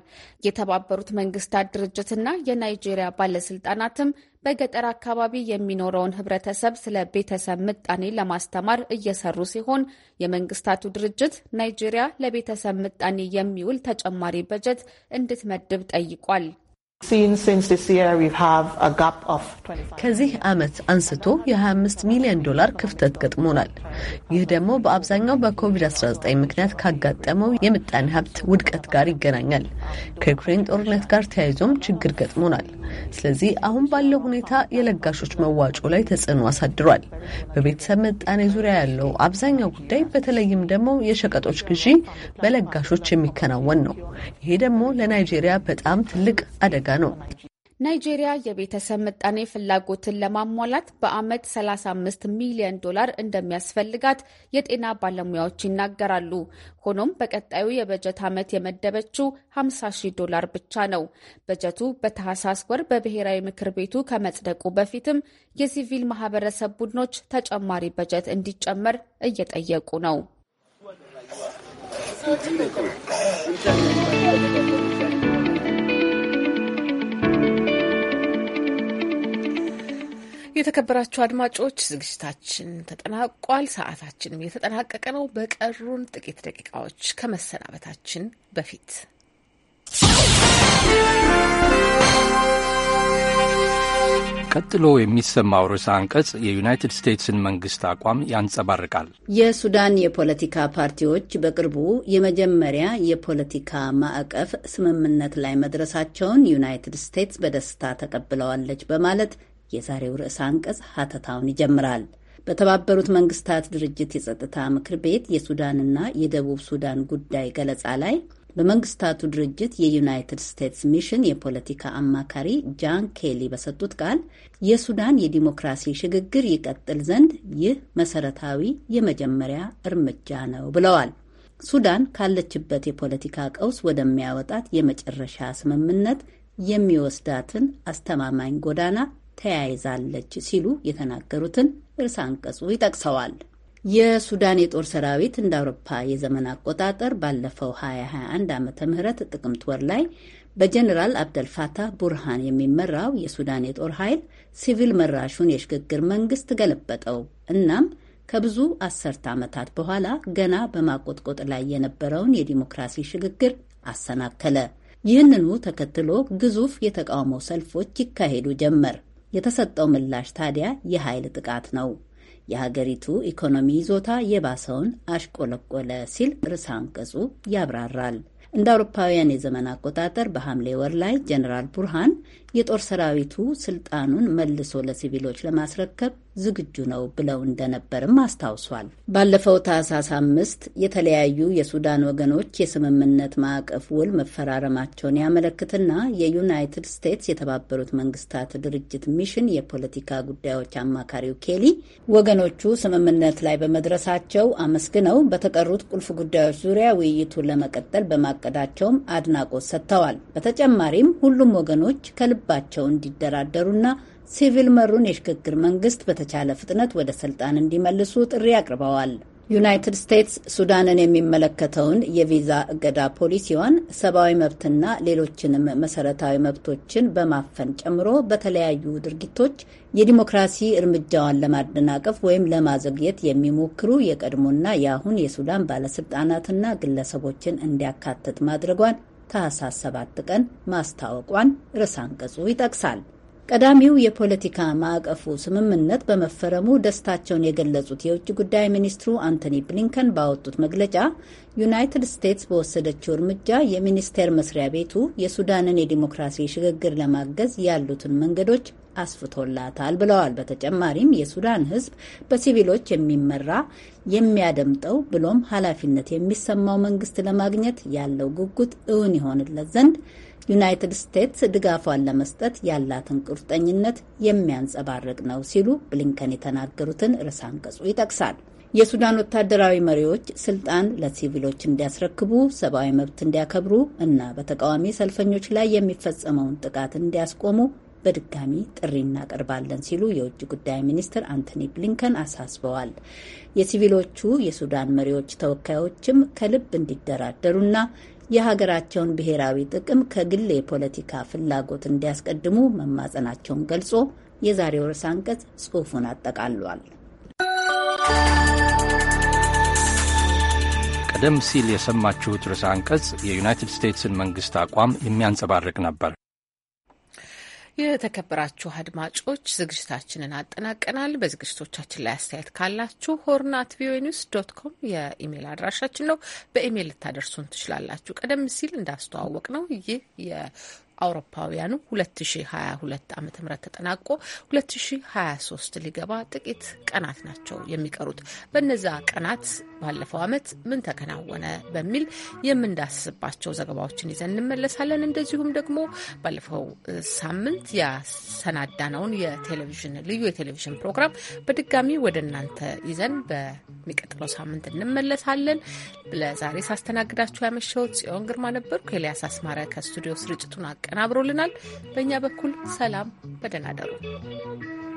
የተባበሩት መንግስታት ድርጅትና የናይጄሪያ ባለስልጣናትም በገጠር አካባቢ የሚኖረውን ህብረተሰብ ስለ ቤተሰብ ምጣኔ ለማስተማር እየሰሩ ሲሆን የመንግስታቱ ድርጅት ናይጄሪያ ለቤተሰብ ምጣኔ የሚውል ተጨማሪ በጀት እንድትመድብ ጠይቋል። ከዚህ ዓመት አንስቶ የ25 ሚሊዮን ዶላር ክፍተት ገጥሞናል። ይህ ደግሞ በአብዛኛው በኮቪድ-19 ምክንያት ካጋጠመው የምጣኔ ሀብት ውድቀት ጋር ይገናኛል። ከዩክሬን ጦርነት ጋር ተያይዞም ችግር ገጥሞናል። ስለዚህ አሁን ባለው ሁኔታ የለጋሾች መዋጮ ላይ ተጽዕኖ አሳድሯል። በቤተሰብ ምጣኔ ዙሪያ ያለው አብዛኛው ጉዳይ በተለይም ደግሞ የሸቀጦች ግዢ በለጋሾች የሚከናወን ነው። ይሄ ደግሞ ለናይጄሪያ በጣም ትልቅ አደጋ እየተዘጋ ነው። ናይጄሪያ የቤተሰብ ምጣኔ ፍላጎትን ለማሟላት በዓመት 35 ሚሊዮን ዶላር እንደሚያስፈልጋት የጤና ባለሙያዎች ይናገራሉ። ሆኖም በቀጣዩ የበጀት ዓመት የመደበችው 50 ሺህ ዶላር ብቻ ነው። በጀቱ በታህሳስ ወር በብሔራዊ ምክር ቤቱ ከመጽደቁ በፊትም የሲቪል ማህበረሰብ ቡድኖች ተጨማሪ በጀት እንዲጨመር እየጠየቁ ነው። የተከበራችሁ አድማጮች ዝግጅታችን ተጠናቋል። ሰዓታችንም የተጠናቀቀ ነው። በቀሩን ጥቂት ደቂቃዎች ከመሰናበታችን በፊት ቀጥሎ የሚሰማው ርዕሰ አንቀጽ የዩናይትድ ስቴትስን መንግስት አቋም ያንጸባርቃል። የሱዳን የፖለቲካ ፓርቲዎች በቅርቡ የመጀመሪያ የፖለቲካ ማዕቀፍ ስምምነት ላይ መድረሳቸውን ዩናይትድ ስቴትስ በደስታ ተቀብለዋለች በማለት የዛሬው ርዕሰ አንቀጽ ሀተታውን ይጀምራል። በተባበሩት መንግስታት ድርጅት የጸጥታ ምክር ቤት የሱዳንና የደቡብ ሱዳን ጉዳይ ገለጻ ላይ በመንግስታቱ ድርጅት የዩናይትድ ስቴትስ ሚሽን የፖለቲካ አማካሪ ጃን ኬሊ በሰጡት ቃል የሱዳን የዲሞክራሲ ሽግግር ይቀጥል ዘንድ ይህ መሰረታዊ የመጀመሪያ እርምጃ ነው ብለዋል። ሱዳን ካለችበት የፖለቲካ ቀውስ ወደሚያወጣት የመጨረሻ ስምምነት የሚወስዳትን አስተማማኝ ጎዳና ተያይዛለች ሲሉ የተናገሩትን እርስ አንቀጹ ይጠቅሰዋል። የሱዳን የጦር ሰራዊት እንደ አውሮፓ የዘመን አቆጣጠር ባለፈው 2021 ዓመተ ምህረት ጥቅምት ወር ላይ በጀኔራል አብደልፋታህ ቡርሃን የሚመራው የሱዳን የጦር ኃይል ሲቪል መራሹን የሽግግር መንግስት ገለበጠው። እናም ከብዙ አስርተ ዓመታት በኋላ ገና በማቆጥቆጥ ላይ የነበረውን የዲሞክራሲ ሽግግር አሰናከለ። ይህንኑ ተከትሎ ግዙፍ የተቃውሞ ሰልፎች ይካሄዱ ጀመር። የተሰጠው ምላሽ ታዲያ የኃይል ጥቃት ነው። የሀገሪቱ ኢኮኖሚ ይዞታ የባሰውን አሽቆለቆለ ሲል ርዕሰ አንቀጹ ያብራራል። እንደ አውሮፓውያን የዘመን አቆጣጠር በሐምሌ ወር ላይ ጀኔራል ቡርሃን የጦር ሰራዊቱ ስልጣኑን መልሶ ለሲቪሎች ለማስረከብ ዝግጁ ነው ብለው እንደነበርም አስታውሷል። ባለፈው ታህሳስ አምስት የተለያዩ የሱዳን ወገኖች የስምምነት ማዕቀፍ ውል መፈራረማቸውን ያመለክትና የዩናይትድ ስቴትስ የተባበሩት መንግስታት ድርጅት ሚሽን የፖለቲካ ጉዳዮች አማካሪው ኬሊ ወገኖቹ ስምምነት ላይ በመድረሳቸው አመስግነው በተቀሩት ቁልፍ ጉዳዮች ዙሪያ ውይይቱን ለመቀጠል በማቀዳቸውም አድናቆት ሰጥተዋል። በተጨማሪም ሁሉም ወገኖች ከልብ በልባቸው እንዲደራደሩና ሲቪል መሩን የሽግግር መንግስት በተቻለ ፍጥነት ወደ ስልጣን እንዲመልሱ ጥሪ አቅርበዋል። ዩናይትድ ስቴትስ ሱዳንን የሚመለከተውን የቪዛ እገዳ ፖሊሲዋን ሰብአዊ መብትና ሌሎችንም መሰረታዊ መብቶችን በማፈን ጨምሮ በተለያዩ ድርጊቶች የዲሞክራሲ እርምጃዋን ለማደናቀፍ ወይም ለማዘግየት የሚሞክሩ የቀድሞና የአሁን የሱዳን ባለስልጣናትና ግለሰቦችን እንዲያካትት ማድረጓን ታህሳስ 7 ቀን ማስታወቋን ርዕሰ አንቀጹ ይጠቅሳል። ቀዳሚው የፖለቲካ ማዕቀፉ ስምምነት በመፈረሙ ደስታቸውን የገለጹት የውጭ ጉዳይ ሚኒስትሩ አንቶኒ ብሊንከን ባወጡት መግለጫ ዩናይትድ ስቴትስ በወሰደችው እርምጃ የሚኒስቴር መስሪያ ቤቱ የሱዳንን የዲሞክራሲ ሽግግር ለማገዝ ያሉትን መንገዶች አስፍቶላታል ብለዋል። በተጨማሪም የሱዳን ሕዝብ በሲቪሎች የሚመራ የሚያደምጠው ብሎም ኃላፊነት የሚሰማው መንግስት ለማግኘት ያለው ጉጉት እውን ይሆንለት ዘንድ ዩናይትድ ስቴትስ ድጋፏን ለመስጠት ያላትን ቁርጠኝነት የሚያንጸባርቅ ነው ሲሉ ብሊንከን የተናገሩትን ርዕሰ አንቀጹ ይጠቅሳል። የሱዳን ወታደራዊ መሪዎች ስልጣን ለሲቪሎች እንዲያስረክቡ፣ ሰብአዊ መብት እንዲያከብሩ እና በተቃዋሚ ሰልፈኞች ላይ የሚፈጸመውን ጥቃት እንዲያስቆሙ በድጋሚ ጥሪ እናቀርባለን ሲሉ የውጭ ጉዳይ ሚኒስትር አንቶኒ ብሊንከን አሳስበዋል። የሲቪሎቹ የሱዳን መሪዎች ተወካዮችም ከልብ እንዲደራደሩና የሀገራቸውን ብሔራዊ ጥቅም ከግል የፖለቲካ ፍላጎት እንዲያስቀድሙ መማጸናቸውን ገልጾ የዛሬው ርዕሰ አንቀጽ ጽሑፉን አጠቃልሏል። ቀደም ሲል የሰማችሁት ርዕሰ አንቀጽ የዩናይትድ ስቴትስን መንግሥት አቋም የሚያንጸባርቅ ነበር። የተከበራችሁ አድማጮች ዝግጅታችንን አጠናቀናል። በዝግጅቶቻችን ላይ አስተያየት ካላችሁ ሆርን አት ቪኦኤ ኒውስ ዶት ኮም የኢሜይል አድራሻችን ነው። በኢሜይል ልታደርሱን ትችላላችሁ። ቀደም ሲል እንዳስተዋወቅ ነው ይህ የአውሮፓውያኑ 2022 ዓ ም ተጠናቆ 2023 ሊገባ ጥቂት ቀናት ናቸው የሚቀሩት። በነዛ ቀናት ባለፈው ዓመት ምን ተከናወነ በሚል የምንዳስስባቸው ዘገባዎችን ይዘን እንመለሳለን። እንደዚሁም ደግሞ ባለፈው ሳምንት ያሰናዳነውን የቴሌቪዥን ልዩ የቴሌቪዥን ፕሮግራም በድጋሚ ወደ እናንተ ይዘን በሚቀጥለው ሳምንት እንመለሳለን። ለዛሬ ሳስተናግዳችሁ ያመሸሁት ጽዮን ግርማ ነበርኩ። ኤልያስ አስማረ ከስቱዲዮ ስርጭቱን አቀናብሮልናል። በእኛ በኩል ሰላም፣ በደህና you.